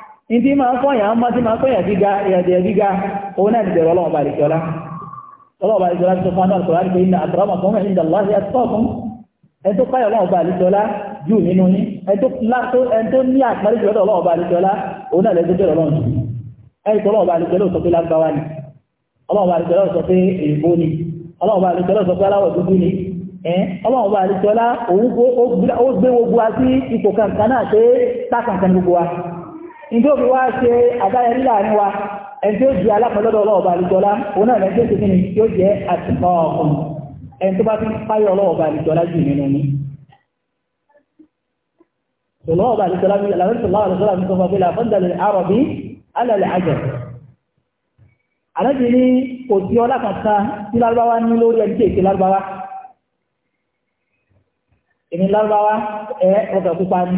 ìdí máa ń fọ́yàn á máa tí máa pẹ̀yàn gíga ìyàjẹ̀ gíga òun náà ti bẹ̀rẹ̀ ọlọ́ọ̀bà ìjọlá ọlọ́ọ̀bà ìjọlá ti sọ fún anáà sọ̀rọ̀ àti ìnà àtàràmà fún ẹ̀yìn ìdàlá sí àtọ́kùn ẹni tó páyọ̀ ọlọ́ọ̀bà ìjọlá jù nínú yín ẹni tó ní àpárí jù lọ́dọ̀ ọlọ́ọ̀bà ìjọlá òun náà lẹ́tọ́ bẹ̀rẹ̀ ọlọ́ọ̀bà ẹni tó ọlọ́ọ̀bà ìjọlá sọ pé lágbáwá ni ọlọ́ọ̀bà ìjọlá sọ pé èèbó ni ọlọ́ọ̀bà ìjọlá sọ pé aláwọ̀ dúdú ni ọlọ́ọ̀bà ìjọlá ó gbé gbogbo wa sí ipò kankan náà pé tákànkan gbogbo wa nítorí wá ṣe àdáyẹrí láàrin wa ẹni tí ó jẹ́ alápẹ̀lọ́dọ̀ ọlọ́ọ̀bà àlùjọ́lá òun náà lẹ́jọ́ sí kíni yóò jẹ́ àtìmọ́ ọkùnrin ẹni tó bá fi páyọ̀ ọlọ́ọ̀bà àlùjọ́lá jù nínú ní ọlọ́ọ̀bà àlùjọ́lá mi làwọn àlùjọ́lá mi sọ fún abúlé àfọ́ndàlẹ̀ àrọ̀bí alàlẹ̀ àjẹ̀ àlẹ́bí ní kò sí ọlá kankan tí lárúbáwá ní lórí ẹni tí èké lárúbáwá èmi lárúbáwá ẹ ọkà pupa ni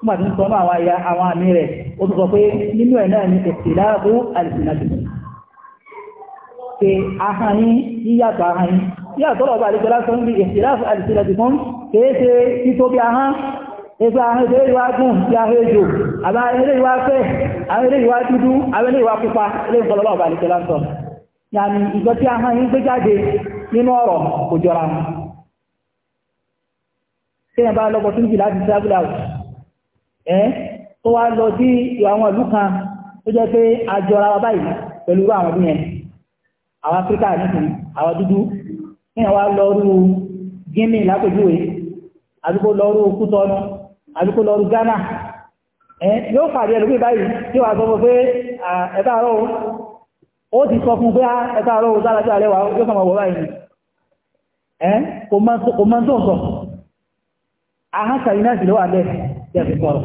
kuma ti a sọ náà àwọn àmì rẹ̀ ó tún sọ pé nínú ẹ̀ náà ni ìtìláàbù àìsìnàjò pé ahàyín yíyàtọ̀ ahàyín yíyàtọ̀ ọba àdìjọ lásán bí ìtìláàbù àìsìnàjò kéèṣe tító bí ahán ẹgbẹ́ ahán ìwá gùn sí ahán ejò àbá ìwá fẹ́ ẹ́ tó wá lọ sí àwọn ìlú kan tó jẹ́ pé a jọra wa báyìí pẹ̀lú àwọn ọdún yẹn àwọn áfíríkà nìkan àwọn dúdú níyàn wá lọ́rú Guinea lápèjúwe àdúgbò lọ́rú Kútọ́nù àdúgbò lọ́rú Ghana yóò pàdé ẹlùmí báyìí tí wà sọ fún pé ẹ̀ta àárọ̀ ó ti sọ fún pé ẹ̀ta àárọ̀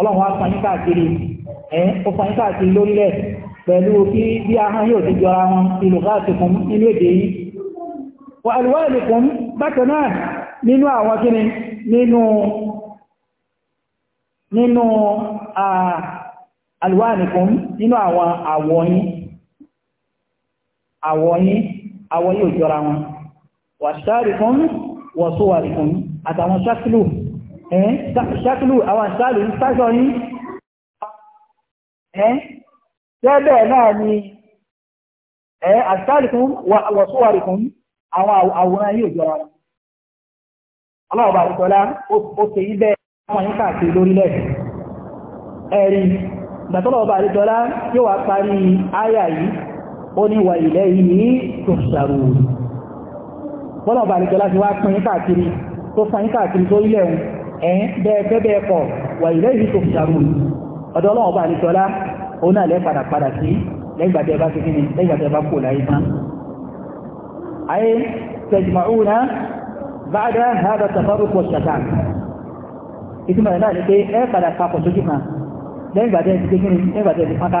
ọlọ́run wá fani káàkiri ẹ̀ ó fani káàkiri lórílẹ̀ pẹ̀lú kí bí ahọ́n yóò ti jọra wọn ìlú káàkiri fún inú èdè yìí wà àlùwáàlì fún bákan náà nínú àwọn kíni nínú nínú àlùwáàlì fún nínú àwọn àwọ̀yìn àwọ̀yìn àwọ̀yìn ò wọn wà fún wọ̀súwàrì fún àtàwọn sákìlù ẹ́n ṣákìlù àwọn ìṣàlù ń sáṣọ ní ẹ́n tẹ́bẹ̀ náà ni ẹ́ àṣàlùkún wọ̀súwàrìkún àwọn àwòrán yìí jọra aláwọ̀bà ìṣọ́lá ó ṣe ibẹ̀ àwọn yíká àti lórílẹ̀ ẹ̀rí ìgbàtọ́lọ̀ọ̀bà ìṣọ́lá yóò wá parí áyà yìí ó ní wà ilẹ̀ yìí tó ṣàrù bọ́lọ̀ọ̀bà ìṣọ́lá ti wá pín káàkiri tó sàn káàkiri tó ilẹ̀ ẹ̀yìn bẹ́ẹ̀fẹ́ bẹ́ẹ̀ pọ̀ wà ilẹ̀ yìí tó ṣàrù ọ̀dọ̀ ọlọ́run bá nìtọ́lá òun náà lẹ́ padà padà sí lẹ́gbàtẹ́ bá ti kíni lẹ́gbàtẹ́ bá kò láyé tán ayé tẹjìmọ̀únà bá dá hádà tàbárù pọ̀ ṣàtà ìtumọ̀ náà ni pé ẹ padà papọ̀ sójú kan lẹ́gbàtẹ́ ti kíni lẹ́gbàtẹ́ ti pátá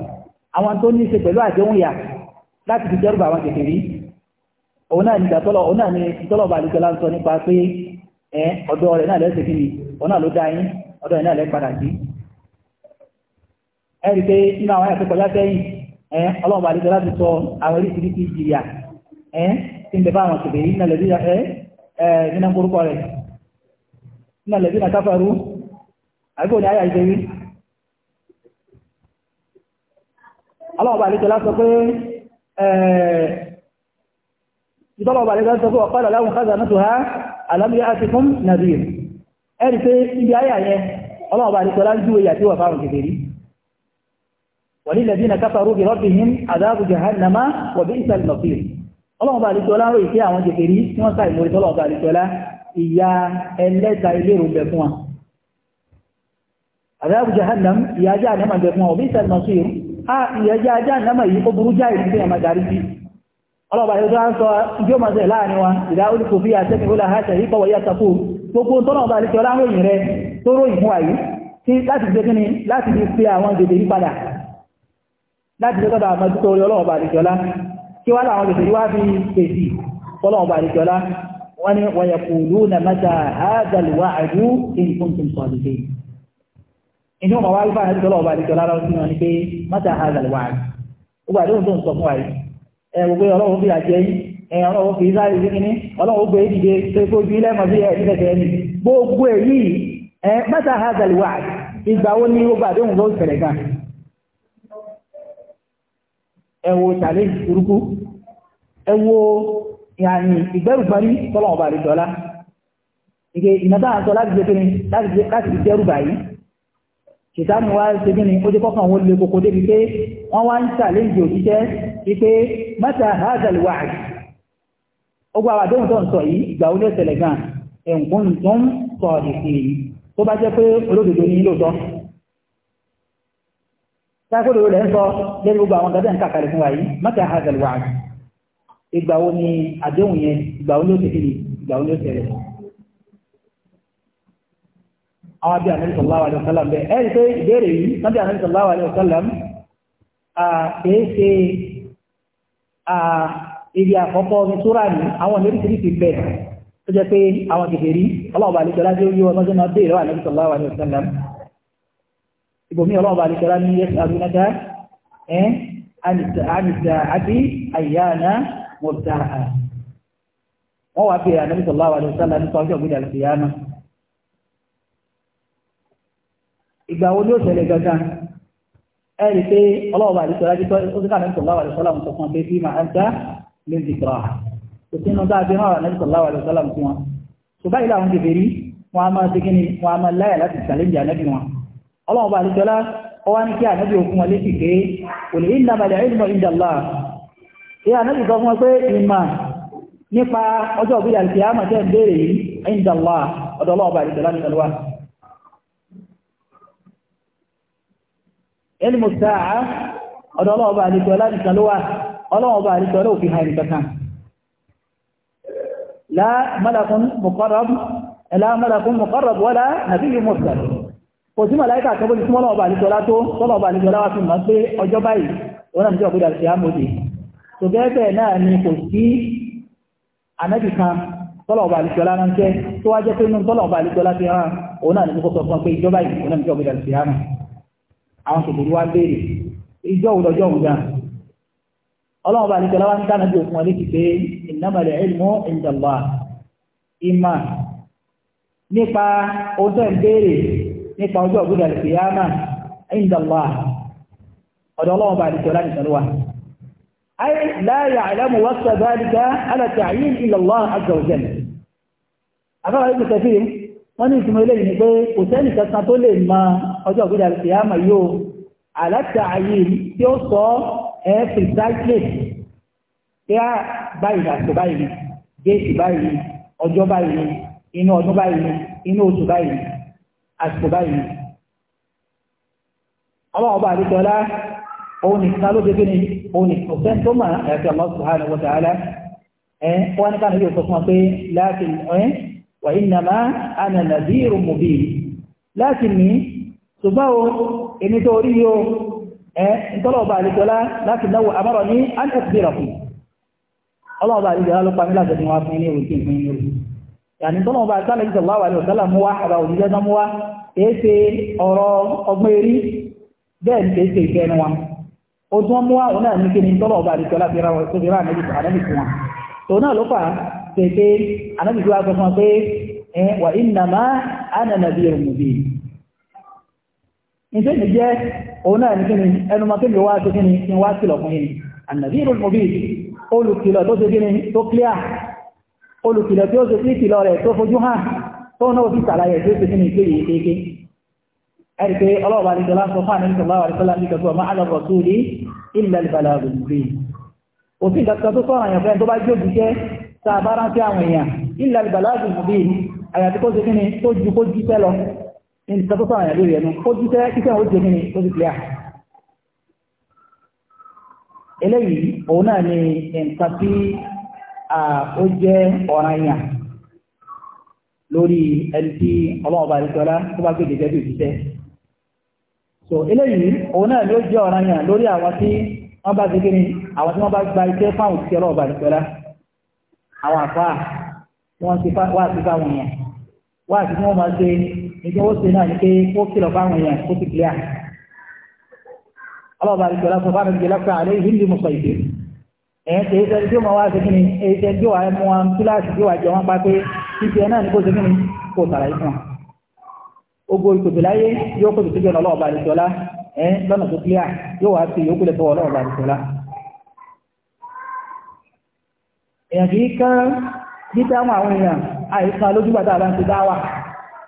àwọn tó ní ṣe pẹ̀lú àdéhùn yà láti fi jẹ́rù bà àwọn kèfè rí òun náà ní ìdàtọ́lọ̀ òun náà ní ìtọ́lọ̀ bá àlùkẹ́ láńsọ nípa pé ẹ ọ̀dọ̀ rẹ̀ náà lẹ́sẹ̀ kí ni òun náà ló dá yín ọ̀dọ̀ rẹ̀ náà lẹ́ padà sí. ẹ rí i pé nínú àwọn àyàfi kọjá sẹ́yìn ẹ ọlọ́run bá àlùkẹ́ láti sọ àwọn oríṣiríṣi ìjìyà ẹ tí ń bẹ bá àwọn kèfè rí nínú lẹ́bí ẹ nínú orúkọ rẹ̀ nínú lẹ́bí ọlọ́ọ̀bà àlejò lásọ pé ìdọ́lọ̀bà àlejò lásọ pé ọ̀pẹ́ ìlọ́láwùn káza náà tó ha alámúyá àti fún nàbíyè ẹni pé ibi ayé àyẹ ọlọ́ọ̀bà àlejò lá ń júwe yàtí wà fáwọn kékeré wàlílẹ̀dínà káfàrú bí rọ́bìhìn àdáàbù jahannama wà bí ìsàlì mọ̀fíì ọlọ́ọ̀bà àlejò lá ń ròyìn sí àwọn kékeré tí wọ́n sá ìmòrí tọ́lọ̀ọ̀bà àlejò lá ìyá ẹlẹ́ta ilé ìrògbẹ̀ wa àdáàbù jahannam ìyá jahannama bẹ̀ fún wa wà bí ìsàlì mọ̀fíì a ìyẹjẹ́ ajá ìnámà yìí ó burú jáì nígbé ẹ̀mà darí sí ọlọ́bàá yóò tó ń sọ ìjọ máa ṣe láàrin wa ìdá olùkò fi àtẹ́mi ó láhá ṣe ìkọ̀wọ̀ yá takó gbogbo tọ́nà ọba àríkẹ́ ọláròyìn rẹ tó ròyìn fún àyí tí láti gbé kíni láti fi pe àwọn gbèdè yí padà láti gbé tọ́dọ̀ àmọ́ títọ́ orí ọlọ́ọ̀bà àríkẹ́ ọlá kí wá láwọn gbèdè yí wá inú ọmọ wa alifáà ti ọlọ́ọ̀bá àti ìjọba aláwọ̀ sínú ni pé mọ́tà àgàlùwà ó gbà lóhùn tó ń sọ fún wa yìí ẹ gbogbo ọlọ́wọ́ fi àjẹ yìí ẹ fi kínní gbé tó kó ju ilé ẹ̀ ní ni gbogbo èyí ẹ mọ́tà àgàlùwà ìgbà wo ni ó gbà tó ń gan ẹ wo tàlẹ́ burúkú ẹ wo ìtàmù wá ṣe gíní ó jẹ́ kọ́kàn wọn lè kòkó débi pé wọ́n wá ń ṣàlẹ́jì òjíṣẹ́ wípé mẹ́ta hazal wa'd ogun àwọn àdéhùn tó ń sọ yìí ìgbà ó lè ṣẹlẹ̀ gan ẹ̀ǹkún tó ń sọ ìsìn yìí tó bá jẹ́ pé olódodo ní lóòótọ́ sáàkódodo rẹ̀ ń sọ lórí gbogbo àwọn gàdá ń kàkàrẹ̀ fún wa yìí mẹ́ta hazal wa'd ìgbà ó ní àdéhùn yẹn ìgbà ó lè ṣẹlẹ̀ àwọn abẹ́ àmì sallallahu alaihi wasallam bẹ́ẹ̀ ẹ̀rí pé ìbéèrè yìí lábẹ́ àmì sallallahu alaihi wasallam kìí ṣe ibi àkọ́kọ́ ní súrà ní àwọn oríṣiríṣi bẹ́ẹ̀ tó jẹ́ pé àwọn kèfèrí ọlọ́ọ̀bà alìkọ́lá tí ó yíwọ lọ́jọ́ alaihi wasallam ibòmí ọlọ́ọ̀bà alìkọ́lá ní yẹ́sì abúnáta ẹ́ àmìsà àti àyànà mọ̀tàhà wọ́n wá pé àmì alaihi wasallam ní sọ́jọ́ gbé ìgbà wo ló ṣẹlẹ̀ gangan ẹ̀rí pé ọlọ́ọ̀bà àdìsọ́ lájú tó ó sì ká àdìsọ́ láwà àdìsọ́ láwọn tó kàn pé fí máa ń dá lè zìkìrà kò sí inú dáadé máa àdìsọ́ láwà àdìsọ́ láwọn tí wọn tó báyìí làwọn ti bèrí wọn a máa ṣe kíni wọn a máa láyà láti ṣàlẹ́jì ànábì wọn ọlọ́ọ̀bà àdìsọ́ lá ó ní kí ànábì òkun wọn létí pé kò ìlà balẹ̀ ìlmọ̀ ìjà lá ẹ ànábì sọ fún wọn pé ìmọ̀ nípa ọjọ́ òbí àti àmọ̀ ń béèrè yìí ìjà lá ọ̀dọ̀ ọlọ́ọ̀bà àdìsọ́ lá ní ọlọ́wà ilmu sáà ọ̀dọ̀ ọlọ́ọ̀bà àríkẹ́ ọlánìkan ló wà ọlọ́ọ̀bà àríkẹ́ ọlọ́ òfin hàn kankan la malakun muqarrab la malakun muqarrab wala nabiyyun mursal kò sí màláìkà kan bóni tí mọ́lọ́ọ̀bà àríkẹ́ ọlá tó tọ́lọ̀ọ̀bà àríkẹ́ ọlá wà fi mọ̀ pé ọjọ́ báyìí wọ́n náà jẹ́ ọ̀gbẹ́dà sí àmóde tó bẹ́ẹ̀ náà ni kò sí ànábì kan tọ́lọ̀ọ̀bà àríkẹ́ ọlá àwọn kòkòrò wá béèrè ìjọ òlọ́jọ́ òǹgá ọlọ́run bá nìkan láwá ní kánàbí òkun wọn létí pé ìnámàlẹ̀ ilmu ìjọba ìmà nípa oúnjẹ ìbéèrè nípa ọjọ́ ìjọba ọ̀dọ̀ wọ́n ní ìtumọ̀ ilé pé kò tó lè máa ọjọ́ ògbéjà ti àmà yóò àlàtà ayé tí ó sọ ẹ́ precisely kí á báyìí àtò báyìí géètì báyìí ọjọ́ báyìí inú ọdún báyìí inú oṣù báyìí àtò báyìí. ọlọ́run ọba àdúgbọ́lá òun nìkan ló ṣe kí ni òun nìkan sẹ́ni tó mà àti Allah subhanahu wa ta'ala ẹ̀ wọ́n ní káàdì yóò sọ fún wa pé láti ẹ̀ wà ìnàmá ànàlàdí ìrùmùbí láti ní ṣùgbọ́n o èmi tó rí yóò ẹ́ ìtọ́lọ̀ọ̀bà àríkọlá láti náwó àmọ́rọ̀ ní ní ni kéèṣe ìfẹ́ ẹnu fi ra tó fi rá ànẹ́bì fún wa tó náà ló fà pé pé ìṣẹ́ ìlú jẹ́ òun náà ní kíni ẹnu mọ́ kíni wá sí kíni ní wá sílọ̀ fún yìí ànàbírùn òbí olùkìlọ̀ tó ṣe kíni tó clear olùkìlọ̀ tí ó ṣe sí ìkìlọ̀ rẹ̀ tó fojú hàn tó náà sí sàlàyé tí ó ṣe kíni ìkéyìí kéèké ẹ̀rì pé ọlọ́ọ̀bá ní sọlá sọ fún àníbi sọlá wà sọlá ní kẹtù ọmọ alọ́ rọ̀túlì ní ìsọ́tọ́tọ́ àyà lórí ẹnu ó jíṣẹ́ iṣẹ́ ó jẹ́ ní ó ti pìlẹ̀ eléyìí òun náà ni nǹkan tí ó jẹ́ ọ̀ràn yàn lórí ẹni tí ọlọ́run bá àdìsọ́lá tó bá gbèdè jẹ́bi òṣìṣẹ́ so eléyìí òun náà ni ó jẹ́ ọ̀ràn yàn lórí àwọn tí wọ́n bá gbèdè ní àwọn tí wọ́n bá gba iṣẹ́ fáwọn òṣìṣẹ́ ọlọ́run bá àdìsọ́lá àwọn àfáà tí wọ́n ti wá sí yàn wá sí fún wọn máa ṣe nígbà wọ́n ṣe náà ni pé wọ́n kìlọ̀ fáwọn èèyàn kó ti kílíà ọlọ́ọ̀bà àti ìjọba sọ̀rọ̀ àti ìjọba pé àlẹ́ ìhìndì mú sọ ìdè ẹ̀yẹn tẹ̀ ẹ̀sẹ̀ tí ó máa wá sí kíni ẹ̀sẹ̀ tí ó wà mú wọn kíláàsì tí ó wà jẹ wọn pa pé títí ẹ̀ náà ni kó ṣe kíni kó sàlàyé fún wọn. ogo ìkòtò láyé yóò kó tòtòjọ́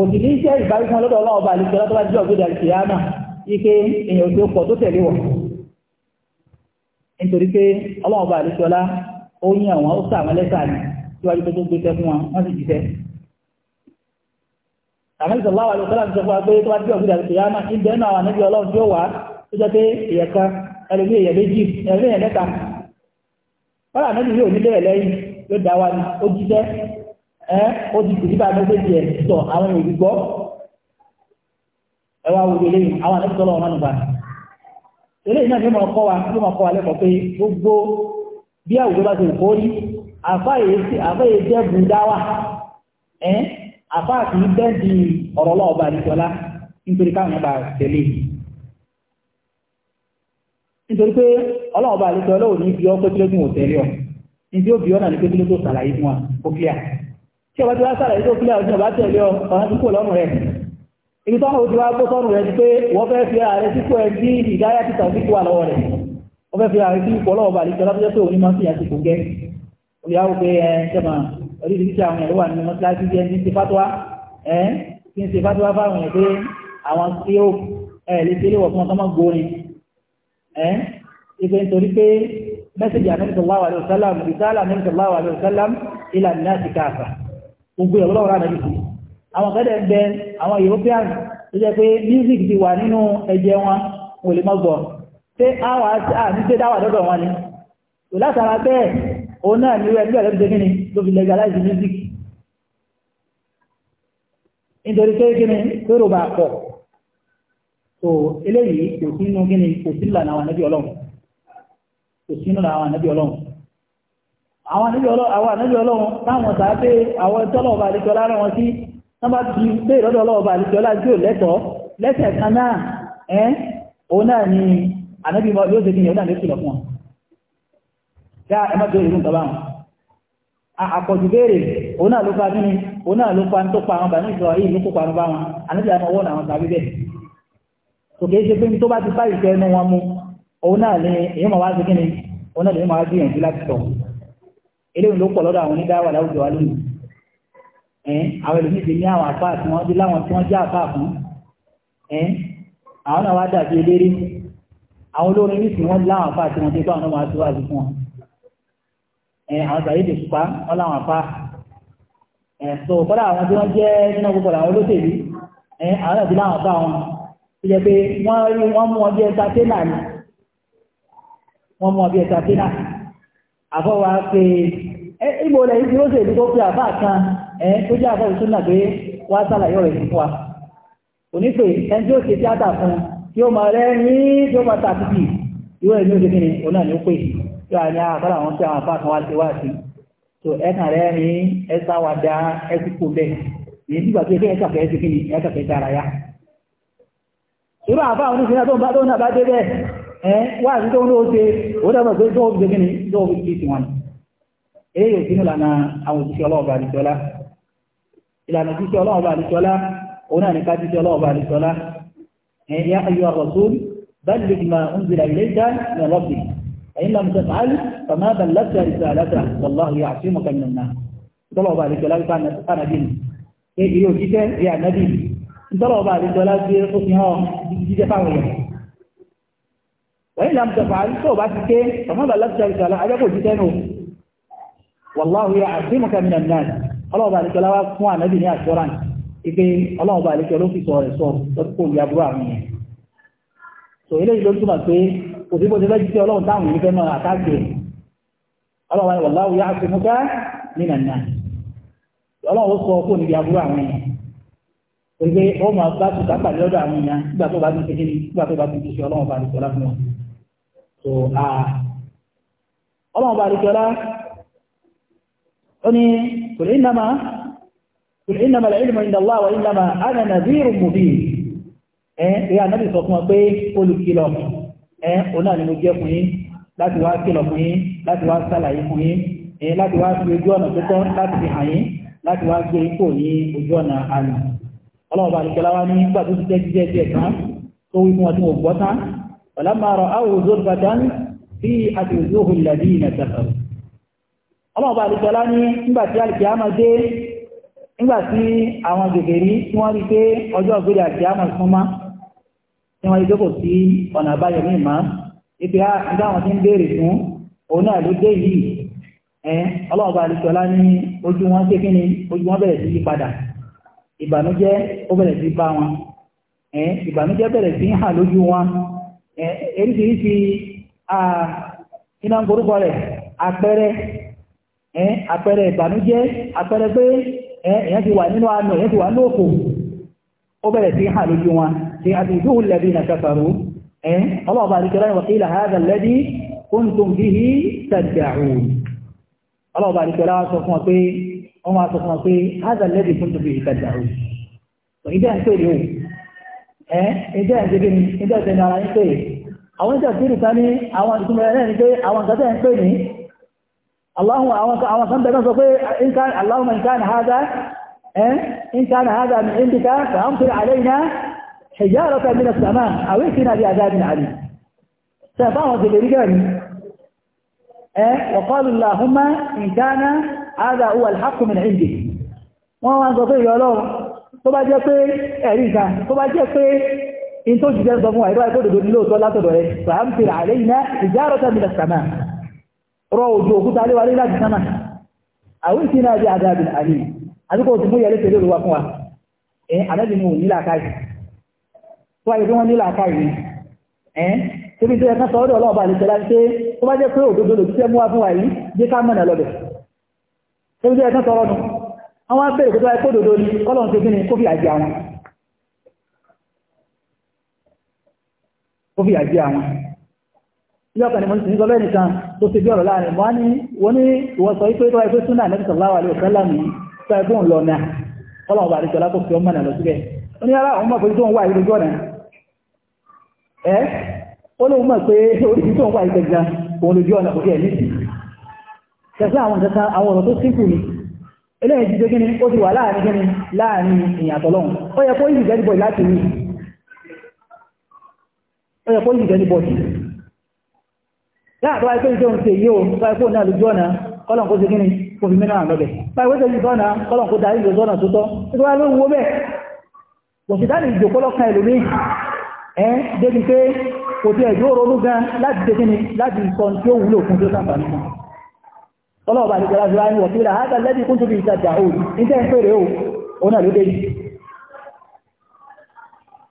kò ike ní jẹ́ ìbárí fún ọlọ́dọ̀ ọlọ́run ọba àlejò ọlọ́dọ̀ ajé ọ̀gbẹ́dà ike èèyàn tó pọ̀ tó tẹ̀lé wọ̀ nítorí pé ọlọ́run ọba àlejò ọlá ó yín àwọn ó sàwọn lẹ́sà ní síwájú tó tó gbé tẹ́ fún wọn wọ́n sì jíṣẹ́ àmẹ́sì ọláwà ló kọ́lá sọ fún wa pé tó wá ẹ dị ti tìrí bá mẹ́sẹ̀jì ẹ̀ sọ àwọn èèyàn gbọ́ ẹ wá wọlé lẹ́yìn àwọn náà yóò wa yóò máa wa pé gbogbo bí àwùjọ bá ti bùdáwà ẹ kì í ọ̀rọ̀ nítorí káwọn tẹ̀lé nítorí pé ò ní bí ọ́ pé ọ ní bí ó bí náà ní pé sàlàyé tí ọba tí wá sára ètò kílẹ̀ ọdún ọba tẹ̀lé ọ̀hán tí kò lọ́rùn rẹ̀ ibi tó hàn ó ti wá kó sọ́rùn rẹ̀ ti pé wọ́n fẹ́ fi ààrẹ sípò ẹ̀ sí ìdáyà títà sí kó wà lọ́wọ́ rẹ̀ wọ́n fẹ́ fi ààrẹ sí ipò ọlọ́wọ́ bàlí kẹlá tó jẹ́ pé òní máa ń fìyà sí kò gẹ́ olùyàwó pé ẹ jẹ́mà oríṣi títí àwọn ẹ̀rọ wà nínú mọ́síláṣí jẹ́ ní ṣe fatuwa ẹ kí n ṣe fatuwa fáwọn ẹ̀ pé àwọn tí ó ẹ lè ṣe léwọ̀ fún ọkọ̀ mọ́ gbórin ẹ ìpè nítorí pé mẹ́sẹ̀jì àmẹ́sọ̀láwà lè sálàm ìsálàm àmẹ́sọ̀láwà lè sálàm ìlànà ti káàfà gbogbo ẹ̀rọ lọ́wọ́ ránà bìí àwọn kẹ́dẹ̀ ń bẹ àwọn european tó jẹ́ pé music ti wà nínú ẹ̀jẹ̀ wọn wò lè mọ́gbọ̀ pé àwọn àti ṣe dáwà lọ́dọ̀ wọn ni tó látara bẹ́ẹ̀ òun náà ní rẹ̀ nígbà lẹ́bùtẹ́ kíni ló fi legalize music nítorí pé kíni pérò bá pọ̀ tó eléyìí kò sínú kíni kò sínú lànà àwọn ànábì ọlọ́run kò sínú lànà ànábì ọlọ́run àwọn ànábì ọlọ́run táwọn tàbí àwọn tọ́lọ̀ọ̀bà àlejọ́lá rán wọn sí wọ́n bá ti pé ìrọ́dọ̀ ọlọ́ọ̀bà àlejọ́lá jò lẹ́tọ̀ọ́ lẹ́sẹ̀ kan náà ẹ́ òun náà ni ànábì mọ́ yóò ni ọ̀nà lẹ́sìn lọ́fún wọn yá ẹ má bèèrè fún tọ́bá wọn àpọ̀jù ni òun náà ló pa tó pa àwọn bàánú ìṣọ́ yìí ló kó mu òun ni èyí mọ̀ wá sí ni òun náà lè eléyìí ló pọ̀ lọ́dọ̀ àwọn onídáwà láwùjọ wa lónìí ẹ̀ẹ́n àwọn ẹlòmíì ti ní àwọn àfa àti wọn dé láwọn tí wọ́n jẹ́ àfa fún ẹ̀ẹ́n àwọn náà wá dàbí eléré àwọn olórin nísìnyí wọ́n láwọn àfa àti wọn tó bá wọn máa tó àti fún wọn ẹ̀ẹ́n àwọn sàyè lè pa wọ́n láwọn àfa ẹ̀ẹ́n tó kọ́lá àwọn tí wọ́n jẹ́ nínú gbogbo àwọn olóṣèlú ẹ̀ẹ́n àwọn náà ti láwọn àfa wọn tó jẹ́ pé wọ́n mú wọn bí ẹta tẹ́lá ni wọ́n mú wọn bí ẹta tẹ́lá ni Afọ pé ìgbò lẹ́yìn tí ó èdè tó pé àbá kan ẹ̀ tó jẹ́ àfọwà tó pé wá sálàyé ọ̀rẹ́ fún wa onípe ẹni tí ó ṣe tíátà fún tí ó máa rẹ́ ní tí ó máa ta títì ẹni òun náà ni ó pè tí a ní àbára ah, àwọn tí àwọn àbá kan wá sí wá sí tó ẹ̀kan rẹ̀ ní ẹ̀sà wà dá ẹ̀sì kò ẹ wá àti tó ń lóò ṣe ó dábàá pé tó ń gbé kíni tó ń fi sí wọn èyí yóò sínú lànà àwọn òṣìṣẹ́ ọlọ́ọ̀bà àdìsọ́lá ìlànà òṣìṣẹ́ ọlọ́ọ̀bà àdìsọ́lá òun náà ní ká ọlọ́ọ̀bà wọ́n ìlànà tẹ̀fà tó bá ti ké ọmọdé aláṣẹ́sàlá ajẹ́kò jíjẹ́nu wàláhù yà àdímùkà mìíràn náà ọlọ́ọ̀bà àlejò láwá fún ànábì ní àṣọ́ràn ike ọlọ́ọ̀bà àlejò ló fi sọ̀rọ̀ sọ lọ́pọ̀ ìyàbúrò àwọn yẹn so eléyìí ló túmọ̀ pé kò sí bó ti lọ́jú sí ọlọ́run táwọn yìí fẹ́ máa àtàkè ọlọ́ọ̀bà wàláhù yà àdímùkà mìíràn náà ọlọ́run ó sọ kó níbi àbúrò àwọn yẹn pé ó so ọlọ́run bá àríkẹ́lá ó ní kul innama kul innama al-ilmu inda Allah wa innama ana nadhirun mubin ẹ̀ ìyá náà sọ fún ọ olùkìlọ̀ ẹ̀ òun ni mo jẹ́ fún yín láti wá kìlọ̀ fún yín láti wá fún yín láti wá fi ojú ọ̀nà tó tọ́ láti fi hàn yín láti wá gbé ipò ní ojú ọ̀nà àlù wá ní tó فلما رأوه زلفة في أتوزوه الذين كفروا ọlọ́run bá àdìjọ lá ní nígbàtí alìkìámà dé nígbàtí àwọn gègèrí tí wọ́n rí pé ọjọ́ ògbèrè àkìámà súnmá tí wọ́n rí pé kò sí ọ̀nà àbáyọ ní ìmá ibi àgbà àwọn tí ń béèrè fún òun náà ló dé yìí ẹ ọlọ́run bá àdìjọ lá ní ojú wọn ṣe kíni ojú wọn bẹ̀rẹ̀ sí yí padà ìbànújẹ́ ó bẹ̀rẹ̀ sí bá wọn ìbànújẹ́ bẹ̀rẹ̀ sí hàn lójú wọn eríṣiríṣi iná ń gorúkọ rẹ̀ àpẹẹrẹ àpẹẹrẹ ìbànújẹ́ àpẹẹrẹ pé èyàn ti wà nínú àánú èyàn ti wà ní òkò ó bẹ̀rẹ̀ sí hà lójú wọn ti àti ìdúhùn lẹ́bí na kafaru ọlọ́ọ̀bá àríkẹ́lá ìwà kí ha lẹ́bí kúntùm bí i tàdàrùn ọlọ́ọ̀bá àríkẹ́lá sọ fún ọ pé wọ́n máa sọ fún ọ pé hádà lẹ́bí kúntùm bí i tàdàrùn ìdá ń pè ní ń pè ní ara ń pè àwọn ìjà tí ìrìta ní àwọn ìtumọ̀ ẹ̀rẹ́ ni pé àwọn ìgbàtẹ̀ ń pè ní àwọn kan bẹ̀rẹ̀ sọ pé Allahumma in kana hadha eh, in kana hadha min indika fa amtir alayna hijaratan min as-samaa aw ikna bi adhabin alim sẹ́fàwọn ti lè rí gẹ̀rí ẹ́ eh, wa qalu Allahumma in kana hadha huwa al min indik wọ́n wá ń sọ pé ìrọ̀lọ́run tó bá jẹ́ pé ẹ̀rí ìta tó in tó ṣiṣẹ́ sọ fún àìbá ìkódòdó nílò òtọ́ látọ̀dọ̀ rẹ̀ fàámfìrà àlẹ́yìnà ìjárọ̀tà mílẹ̀ sàmà rọ òjò òkúta aléwálé láti sánà àwọn ìsìn náà jẹ́ àdáàbì àlè àdúgbò tí mú yẹlé tẹ̀lé òruwa fún wa ẹ àdáàbì mú nílà káyì tó ayé tí wọ́n nílà káyì ẹ tóbi tó yẹ ká sọ́ọ́dọ̀ ọlọ́ọ̀bà lè tẹ̀lá pé tó bá jẹ́ pé òdodo lòdì tẹ́ ó fi àjẹ́ àwọn yọ́kà ni mo ti ń sọ lẹ́yìn kan tó ti bí ọ̀rọ̀ láàrin wọ́n ní wọ́n ní ìwọ̀n sọ pé tọ́wọ́ ẹgbẹ́ súnà nẹ́bí sọ̀láwà lè ọ̀fẹ́ lámì sọ ẹgbẹ́ òun lọ́nà ọlọ́run bá àdìsọ́lá tó fi ọmọ nà lọ síbẹ̀ ó ní ara àwọn ọmọ tó ń wà ìlú jọ́nà ẹ́ ó lóun mọ̀ pé oríṣi tó ń wà ìgbẹ̀ gan òun lójú ọ̀nà kò fi ẹ̀mí sí kẹsẹ́ àwọn kankan àwọn ọ̀rọ̀ tó ti wà láàrin kí láàrin ìyàtọ̀ ó yẹ kó ìlú jẹ́ yẹ kó yìí anybody láàtọ́ àìkó ìjọ ń ṣe yíò báyìí náà lójú ọ̀nà kọ́lọ̀n kó ṣe gíní kò fi mẹ́rin àlọ́bẹ̀ báyìí wọ́n tẹ́lẹ̀ ìjọ́nà kọ́lọ̀n kó darí ìjọ ọ̀nà tó tọ́ nígbà wá lórí wo bẹ́ẹ̀ kò sì dáni ìjò kọ́lọ̀kan ẹlòmí ẹ́ débi pé kò ti ẹ̀jọ́ ronú gan láti ṣe gíní láti sọ tí ó wúlò fún tó sàǹfààní kan ọlọ́ọ̀bà àti ìjọba ti wáyé wọ̀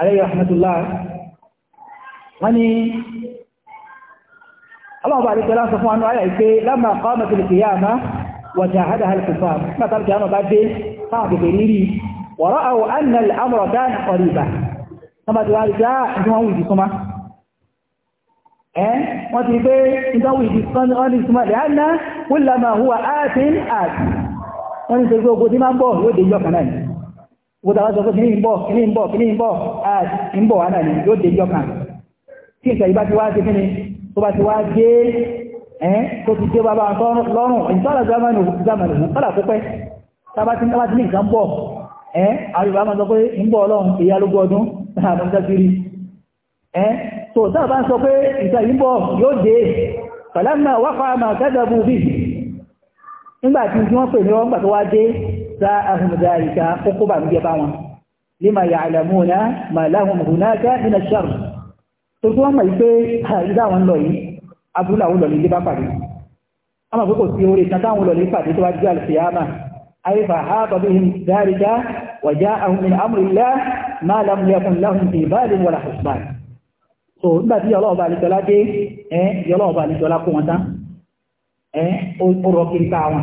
alayhi rahmatullah wọ́n ni ọlọ́ọ̀bá àti pẹ̀lá sọ fún àwọn ayà ìpé lámà kọ́ọ̀mọ̀ tí lè kìí àmá wàjá àdá alìkùfà mẹ́ta tí a náà bá dé fáwọn kèfè rírí wọ̀rọ̀ àwọ̀ annal amurọ̀dán ọ̀rìbà wọ́n ti wá rí já ní ah, wọ́n wù ìdí súnmá ẹ́ wọ́n lè ánà wùlámà huwa áàtín àti wọ́n ti sọ gbogbo tí máa ń bọ̀ yóò dé gbogbo àwọn sọ pé kìíní ń bọ̀ kìíní ń bọ̀ kìíní ni yóò dé jọkàn tí ìṣẹ̀lẹ̀ bá ti wá sí kíni tó bá ti wá dé ẹ́ tó ti dé bàbá lọ́rùn ìtọ́lá zamanu zamanu kọ́là pípẹ́ tábà tí tábà tí ní nǹkan bọ̀ ẹ́ àwọn ìbámu sọ pé ń kiri [laughs] ẹ́ tó tábà ń sọ pé ìṣẹ̀lẹ̀ ń bọ̀ yóò dé pàlámà wáfà máa kẹ́dàbù bí nígbà tí wọ́n pè ساءهم ذلك عقوبة مجبعون لما يعلمون ما لهم هناك من الشر تقول ما يبي إذا وان لوي أبو لا ولو لي بابا أما بقول سيوري تكان ولو لي فادي تواجه القيامة أي فهاب بهم ذلك وجاءهم من أمر الله ما لم يكن لهم في بال ولا حسبان so nígbà tí ọlọ́ọ̀bá àlìjọlá dé ẹ́ yọlọ́ọ̀bá àlìjọlá kó wọn tán ẹ́ ó rọ kiri ká wọn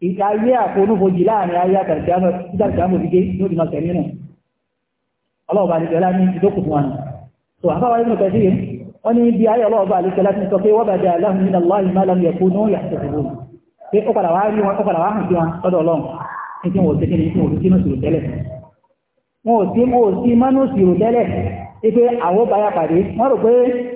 ayé àfonúfojì láàrin ayé àtàkìyàmọ̀ dídé ní òdìmọ̀ tẹ̀lé nù ọlọ́ọ̀bà àdìgbẹ̀lá ní ìdókù fún wọn so àbáwá inú kẹsí yìí wọ́n ní bí ayé ọlọ́ọ̀bà àdìgbẹ̀lá ti sọ pé wọ́n bàjẹ́ aláhùn nínú aláhùn máa lọ́mú ẹ̀kú ní òyà tẹ̀síwò pé ó padà wá rí wọn ó padà wá hàn sí wọn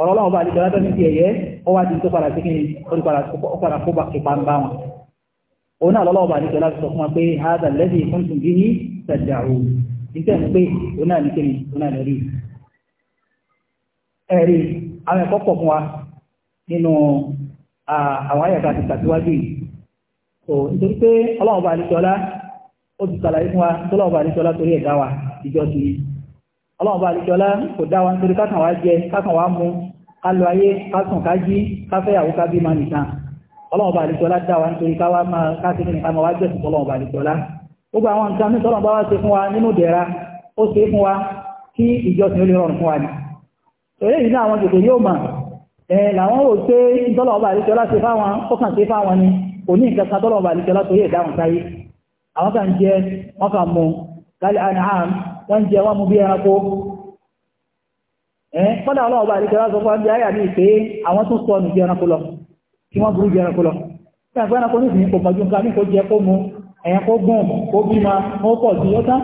ọ̀rọ̀ ọlọ́run bá àdìgbà látọ́ ní ti ẹ̀yẹ́ ó wá di tó padà sí kíni ó padà kó ipa ń bá wọn òun náà lọ́lọ́run bá àdìgbà láti sọ fún wa pé haza lẹ́sìn fún tùn bí ní tẹ̀sí àrò níta ń pé òun náà ní kíni òun náà lẹ́rí ẹ̀rí àwọn ẹ̀kọ́ pọ̀ fún wa nínú àwọn àyàkà ti tàsíwájú yìí tó nítorí pé ọlọ́run bá àdìgbà ó ti ọlọ́run bá àlejọ́lá kò dá wa nítorí kákan wá jẹ kákan wá mu ká lọ ayé ká sùn ká jí ká fẹ́yàwó ká bímọ nìkan ọlọ́run bá àlejọ́lá dá wa nítorí ká wá máa ká sí nìkan máa wá jẹ́ sùn ọlọ́run bá àlejọ́lá gbogbo àwọn nǹkan ní sọ́lọ́run bá wá ṣe fún wa nínú ìdẹ̀ra ó ṣe fún wa kí ìjọsìn ó lè rọrùn fún ni torí èyí náà àwọn jòkó yóò mà ẹ làwọn ò ṣe tọ́lọ́run bá àlejọ́lá ṣe ni kò ní nǹkan kan tọ́lọ́run bá àlejọ́lá torí ẹ̀dá wọn sáyé àwọn kan jẹ wọn kan mu kálí wọ́n jẹ wọ́n mú bí ẹranko ẹ́ kọ́dà ọlọ́ọ̀bá àríkẹ́ wọ́n sọ fún ọdún ayà ní ìpé àwọn tó sọ ọ̀nà ẹranko lọ kí wọ́n burú jẹ ẹranko lọ kí àwọn ẹranko ní kò mọ̀jú nǹkan ní kò jẹ kó mu bí ma ó pọ̀ sí ó tán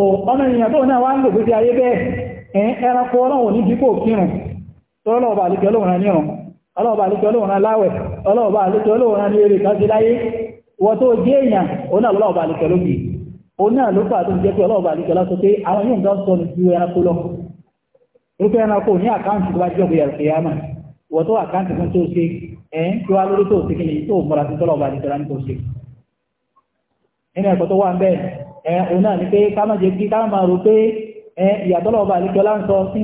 ọmọ ènìyàn tó náà wá ń lò gbèsè ayé bẹ́ẹ̀ ẹranko ní kírun òun náà ló fà tó jẹ́ pé ọlọ́ọ̀bà àdìsọ lásọ pé àwọn yóò dá sọ ju ẹranko lọ irúfẹ́ ẹranko ní àkáǹtì tó bá jẹ́ òbí ẹ̀rọ kìyàmà wọ́n tó àkáǹtì fún tó ṣe ẹ̀ ń tó wá lórí tó ṣe kìnnìyàn tó múra sí tọ́lọ́ọ̀bà àdìsọ ní tó ṣe nínú ẹ̀kọ́ tó wà ń bẹ́ẹ̀ ẹ̀ ni pé ká má jẹ́ kí ká má rò pé ẹ̀ ìyàtọ́lọ́ọ̀bà àdìsọ lá ń sọ sí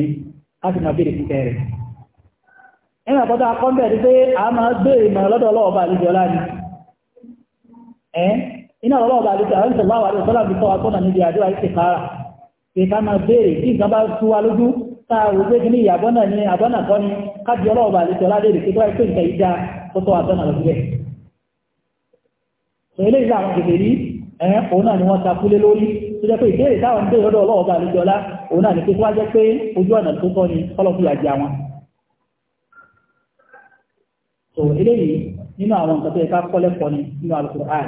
ń sọ a sì máa bèèrè kíkẹ́ rẹ̀ ẹ̀rìn àkọ́tà akọ́ńbẹ̀ ni pé a máa bèèrè ìmọ̀ lọ́dọ̀ ọlọ́ọ̀bà àlejò ọlá ni ẹ́ iná ọlọ́ọ̀bà àlejò àwọn ìṣẹ̀lá wà lóṣọ́ láti tọ́ akọ́nà níbi àdúrà ìṣẹ̀ kára pé ká máa bèèrè kí nǹkan bá tú wa lójú táà rò pé kí ní ìyàbọ́nà ni àbọ́nà kọ́ ni káàdì ọlọ́ọ̀bà ẹ̀yẹn òun náà ni wọ́n takúlé lórí tó jẹ́ pé ìbéèrè táwọn ń béèrè lọ́dọ̀ ọlọ́ọ̀bá àlejòọlá òun náà ni pé wá jẹ́ pé ojú ọ̀nà tó tọ́ ni kọ́lọ́kù àjẹ àwọn. so eléyìí nínú àwọn nǹkan tó yẹ ká kọ́ lẹ́kọ̀ọ́ ni nínú Al-Qur'an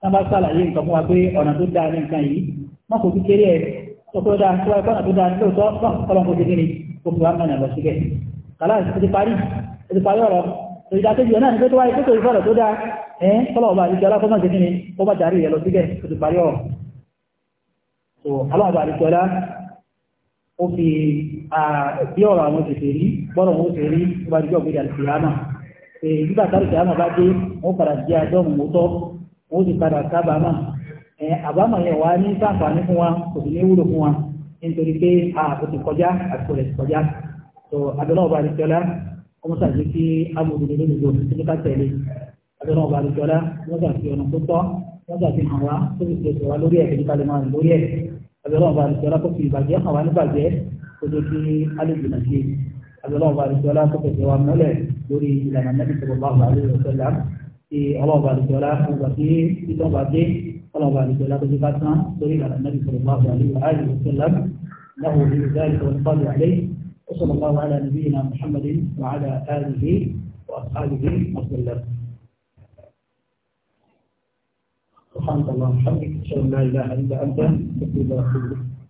tá bá sàlàyé nǹkan fún wa pé ọ̀nà tó dáa ní nǹkan yìí wọ́n kò fi kéré ẹ̀ tó kọ́ dáa tó wáyé kọ́nà tó dáa lóòótọ́ kọ́lọ́kù ìdákejì ọ̀nà ní pé tó wáyé tó tó ìfọ̀rọ̀ tó dá ẹ́ kọ́lọ̀ ọba àdìsí ọlá kọ́mọ̀ jẹ́kíní ó bá darí rẹ̀ lọ síbẹ̀ tó parí ọ̀rọ̀ so aláwọ̀ ọba àdìsí ọlá ó fi bí ọ̀rọ̀ àwọn òṣèṣe rí bọ́rọ̀ wọn òṣèṣe rí tó bá dìjọ́ gbéra sí àmà nígbà tá òṣèṣe àmà bá dé wọn padà jẹ àjọ mọ́tọ́ wọn ó sì padà sábàámà àbámọ̀ yẹn wá ní sàǹfààní fún wa kò sì ní wúlò fún wa nítorí so adọ́lọ́ọ̀bà àdìsí ọlá ọmọ sàdé kí amòdòdó lónìí lò ní ká tẹ̀lé àdéhùn ọba àdìjọ́lá wọ́n gbà fi ọ̀nà tó tọ́ wọ́n gbà fi hàn wá tó fi tẹ̀sọ̀ wá lórí ẹ̀kẹ́ nípa lè máa rìn lórí ẹ̀ àdéhùn ọba àdìjọ́lá kó fi ìbàjẹ́ hàn wá níbàjẹ́ kó tó fi alẹ́jù náà ṣe àdéhùn ọba àdìjọ́lá kó fẹ̀sẹ̀ wá mọ́lẹ̀ lórí ìlànà nẹ́bí sallallahu bá tán lórí وصلى الله على نبينا محمد وعلى آله وأصحابه وسلم سبحانك اللهم وبحمدك أشهد أن لا إله إلا أنت أستغفرك وأتوب إليك